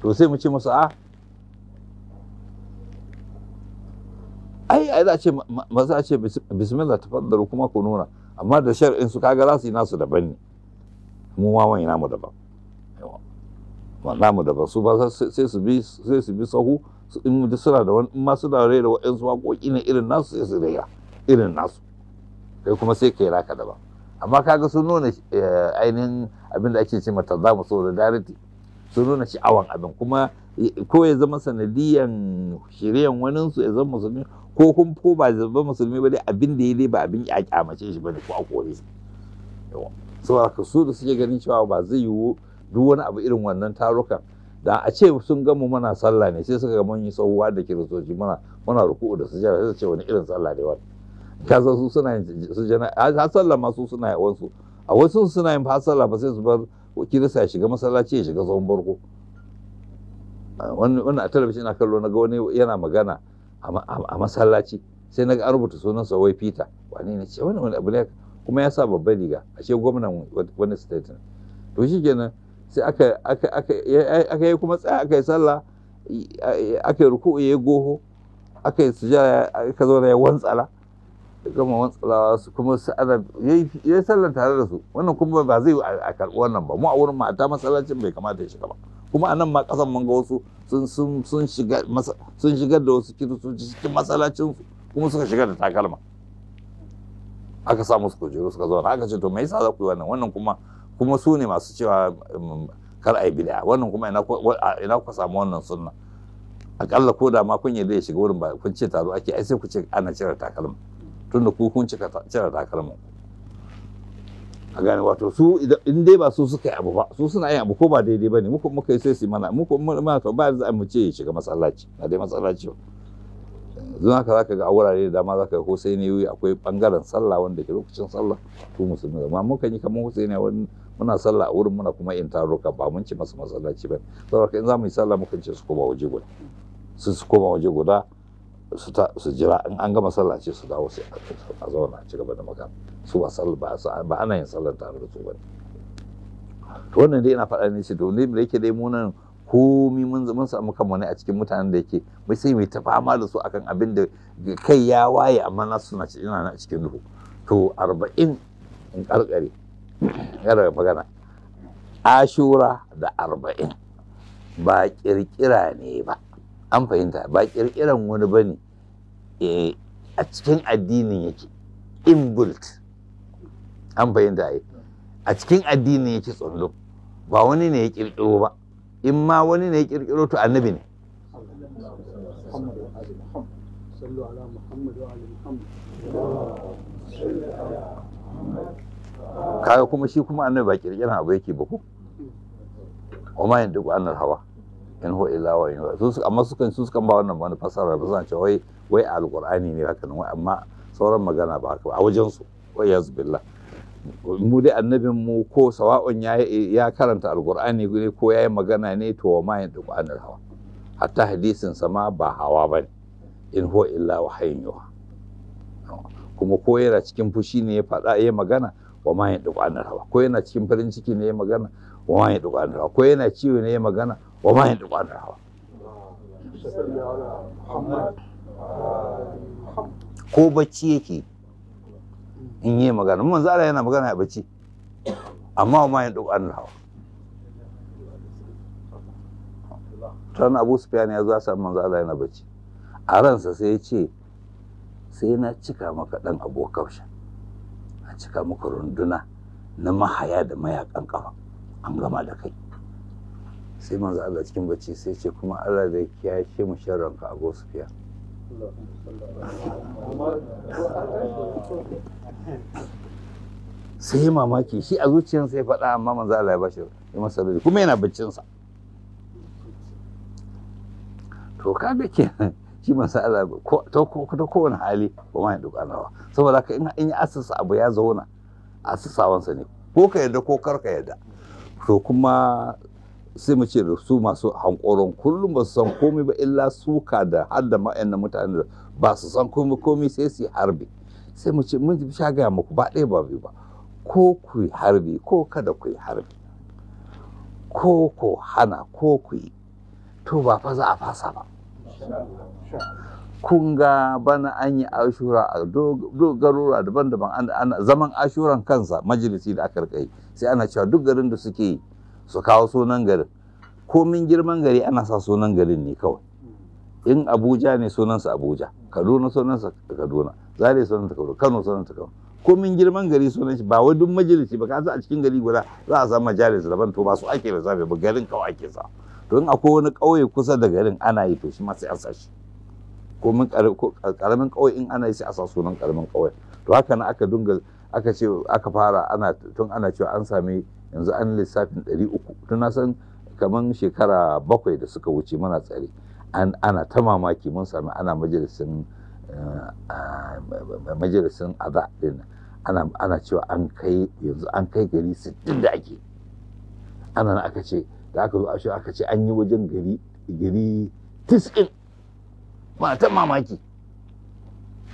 [SPEAKER 1] to sai mu ce musu a ah, ai ai za a ce za a ce bismillah tafaddalu kuma ku nuna amma da shar'in su kaga za su yi nasu daban ne mu ma wani namu daban namu daban su ba sai su bi sai su bi sahu in duk suna da wani in ma suna raira waɗansu waƙoƙi ne irin nasu sai su raira irin nasu kai kuma sai kai raka daban amma kaga sun nuna eh, ainihin abin da ake ce mata za mu solidarity sun nuna sha'awan abin kuma eh, ko ya zama sanadiyan wani waninsu ya zama musulmi ko kun ko ba zama musulmi ba dai abin da ya dai ba abin ya kyamace shi ba ne ko a kore shi saboda su da suke ganin cewa ba zai yiwu duk wani abu irin wannan tarukan da a ce sun gamu mana sallah ne sai suka gamu yin yi tsohuwa da kiristoci mana muna ruku'u da sujada sai su ce wani irin sallah ne wani ka san su suna yin sujada har sallah ma su suna yi wansu. a wasu suna yin har sallah ba sai su bar kirista ya shiga masallaci ya shiga tsawon barko wani a talabijin na kallo na ga wani yana magana a masallaci sai na ga an rubuta sunan sa wai Peter wani ne ce wani wani abu ne kuma ya sa babbar riga ashe gwamnan wani state to to kenan sai aka aka yi kuma tsaya aka yi sallah aka yi ruku ya goho aka yi sujada aka zauna ya wantsala gama wantsalawa su kuma su ana ya yi sallar tare da su wannan kuma ba zai yi a karɓi wannan ba mu a wurin mata masallacin bai kamata ya shiga ba kuma a nan ma ƙasan mun ga wasu sun shigar da wasu kiristoci cikin masallacinsu kuma suka shigar da takalma aka sa musu kujeru suka zo aka ce to me yasa za ku yi wannan wannan kuma kuma su ne masu cewa kar a yi bid'a wannan kuma ina ku samu wannan sunna akalla ko da ma kun yi ya shiga wurin ba kun ce taro ake ai sai ku ce ana cire takalma tunda ku kun cika cire takalma a gane wato su in dai ba su suka yi abu ba su suna yin abu ko ba daidai ba ne muka yi sai su mana muka mana ba za mu ce ya shiga masallaci ba dai masallaci ba don haka ka ga a wurare da dama zaka ga husainiyoyi akwai bangaren sallah wanda ke lokacin sallah ko musulmi amma kan yi kamar husainiya wani muna sallah a wurin muna kuma yin taruka ba mun ci masa masallaci ba saboda in za mu yi sallah mukan ce su koma waje guda su su koma waje guda su jira in an gama sallah ce su dawo sai a zauna a ci gaba da magana su ba sallah ba ana yin sallar tare da su ba to wannan dai ina faɗa ne shi to ne da yake dai mu nan komi mun mun samu kanmu ne a cikin mutanen da yake mai sai mai ta fama da su akan abin da kai ya waye amma na suna ina na cikin duhu to arba'in in karkare ya daga magana ashura da arba'in ba kirkira ne ba an fahimta ba kirkiran wani ba ne eh, a cikin addinin yake inbuilt an fahimta a cikin addinin yake tsallo ba wani ne ya kirkiro ba in ma wani ne ya kirkiro to annabi ne kaga kuma shi kuma annabi ba kirkiran abu yake ba ko wa ma duk annal hawa in ho illa wa yin su amma su kan su kan ba wannan wani fasara ba zan ce wai wai alqur'ani ne haka nan amma sauran magana ba haka a wajen su wai billah mu dai annabin mu ko sawa'un ya karanta alqur'ani ne ko ya yi magana ne to wa ma yanzu ƙwanar hawa hatta hadisin sama ba hawa ba ne in huwa illa wahayin yuha kuma ko yana cikin fushi ne ya faɗa ya magana wa ma yanzu ƙwanar hawa ko yana cikin farin ciki ne ya magana wa ma yanzu ƙwanar hawa ko yana ciwo ne ya magana wa ma yanzu ƙwanar hawa ko bacci yake in yi magana manzo Allah yana magana a bacci amma ma ya duk an hawa tun Abu Sufyan ya zo ya samu manzo Allah yana bacci a ransa sai ya ce sai na cika maka dan abokausha na cika maka runduna na mahaya da mayakan kafa an gama da kai sai manzo Allah cikin bacci sai ce kuma Allah zai kiyaye mu sharranka Abu Sufyan sai mamaki shi a zuciyarsa ya faɗa amma manzo Allah ya bashi ya masa kuma yana baccinsa to kaga ke shi manzo Allah ko to kowane hali ba ma duka nawa saboda haka in in ya asasa abu ya zauna asasawansa ne ko ka yarda ko kar ka yarda to kuma sai mu ce da su masu hankoron kullum ba su san komai ba illa suka da har da ma'ayyana mutane da ba su san komai komai sai su harbi sai mu ce mun sha gaya muku ba ɗaya ba biyu ba ko ku yi harbi ko kada ku yi harbi ko ku hana ko ku yi to ba fa za a fasa ba kun ga bana an yi ashura a dogarura daban-daban zaman ashuran kansa majalisi da aka rikai sai ana cewa duk garin da suke yi su kawo sunan garin komin girman gari ana sa sunan garin ne kawai in abuja ne sunansa abuja kaduna sunansa kaduna zare sunansa kaduna kano sunansa kano komin girman gari sunan shi ba wai duk majalisi ba ka a cikin gari guda za a samu majalisi daban to ba su ake lissafi ba garin kawai ake sa to in akwai wani ƙauye kusa da garin ana yi to shi ma sai an sa shi komin karamin ƙauye in ana yi sai a sa sunan karamin ƙauye to haka na aka dunga aka ce aka fara ana tun ana cewa an sami yanzu an lissafin 300 tun na san kamar shekara bakwai da suka wuce mana tsare ana ta mamaki mun sami ana majalisin eh, ah, majalisin aza din ana cewa an kai yanzu an kai gari 60 da ake ana na aka ce da aka zo a shi aka ce an yi wajen gari gari 90 ta mamaki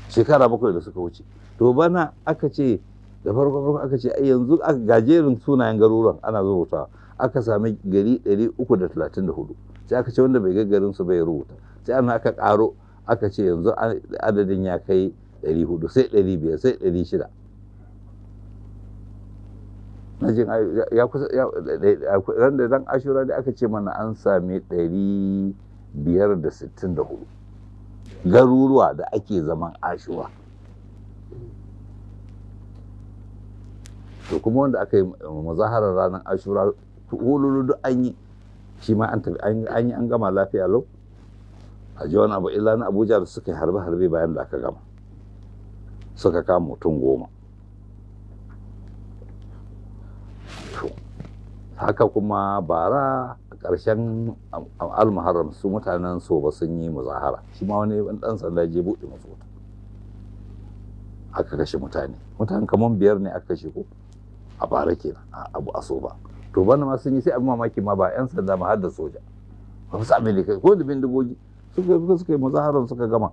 [SPEAKER 1] shekara bakwai da suka wuce to bana aka ce da farko farko aka ce yanzu aka gajerin sunayen garuruwan ana rubuta aka sami gari 334 sai aka ce wanda bai ga garin su bai rubuta sai ana aka karo aka ce yanzu adadin ya kai 400 sai 500 sai 600 na jin ya kusa ran da dan ashura da aka ce mana an sami 564 garuruwa da ake zaman ashura to kuma wanda aka yi eh, muzaharar ranar ashura hululu duk an yi shi ma an tafi an yi an gama lafiya lau a ji wani abu illa na abuja da suka yi harbe harbe bayan da aka gama suka kama mutum goma haka kuma bara a ƙarshen um, um, almuharram su mutanen ba sun yi muzahara shi ma wani ɗan sanda je buɗe masu aka kashe mutane mutane kamar biyar ne aka kashe ko a bara kenan a abu aso ba to bana ma sun yi sai abin mamaki ma ba yan sanda ma har da soja ba su abin kai ko da bindigogi suka yi suka yi mazaharar suka gama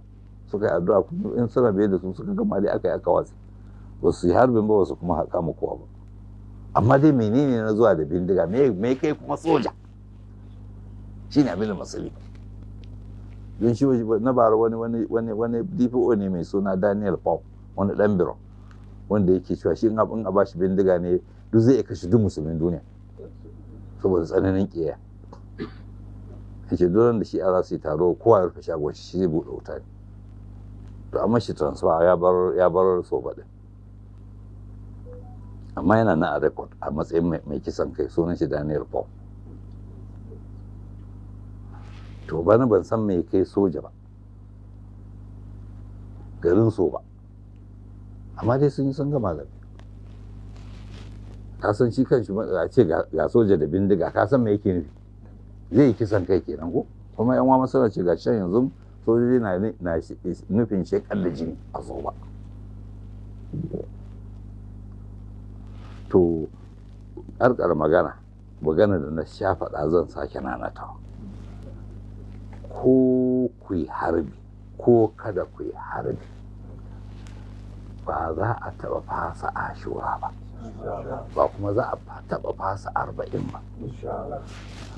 [SPEAKER 1] suka yi addu'a kuma in suna biye da su suka gama dai aka yi aka Wasu ba su yi harbin ba wasu kuma haƙa mu kowa ba amma dai menene na zuwa da bindiga me kai kuma soja shine abin da masali don shi na bara wani wani wani wani dpo ne mai suna daniel paul wani dan biro wanda yake cewa shi in a bashi bindiga ne duk zai kashe duk musulmin duniya saboda tsananin ƙiya yake duk da shi a za su yi taro kowa ya rufe shagon shi zai buɗe wuta ne to amma shi transfer ya bar ya bar soba din amma yana na a record a matsayin mai kisan kai sunan shi Daniel Paul to bana ban san mai kai soja ba garin soba ba amma dai sun yi sun gama zaɓe ka san shi kan shi a ce ga soja da bindiga ka san me yake nufi zai yi kisan kai kenan ko kuma yan wa masana ce ga shan yanzu sojoji na nufin shekar da jini a zo ba to ƙarƙar magana magana da na sha faɗa zan sake nanatawa ko kuyi yi harbi ko kada kuyi yi harbi ba za a taɓa fasa ashura ba ba kuma za a taɓa fasa arba'in ba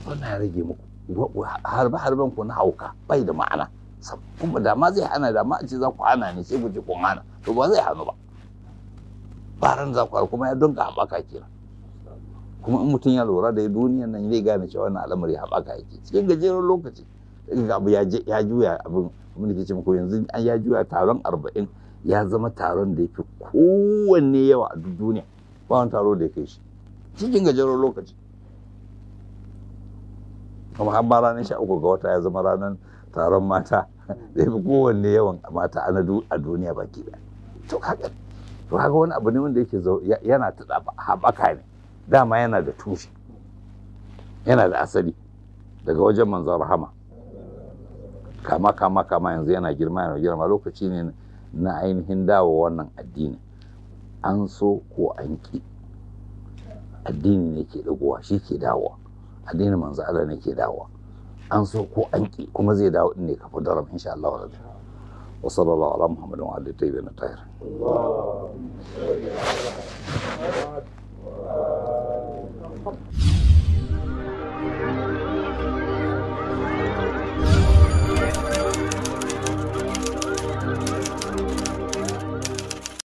[SPEAKER 1] wannan ya rage muku harbe-harben ku na hauka bai da ma'ana sabbin da ma zai hana da ma a ce za ku hana ne sai ku ji kun hana to ba zai hannu ba baran za ku kuma ya dunga haɓaka kenan kuma in mutum ya lura da duniyan nan zai gane cewa wannan al'amari haɓaka yake cikin gajeren lokaci ya juya abin da ke ce muku yanzu ya juya taron arba'in ya zama taron da ya fi kowanne yawa a duniya ba wani taro da ya kai shi cikin gajeren lokaci kuma har ranar sha uku ga wata ya zama ranar taron mata da ya fi kowanne yawan mata a duniya baki ɗaya to haka wani abu ne wanda yake yana ta haɓaka ne dama yana da tushe yana da asali daga wajen manzo rahama kama kama kama yanzu yana girma yana girma lokaci ne na ainihin dawo wannan addini an so ko an ki addini ne ke dagowa shi ke dawo addini manzo Allah ne ke dawo an so ko an ki kuma zai dawo din ne kafin daram insha Allah wa rabbi wa sallallahu ala muhammadin wa alihi tayyibin tahir Thank you.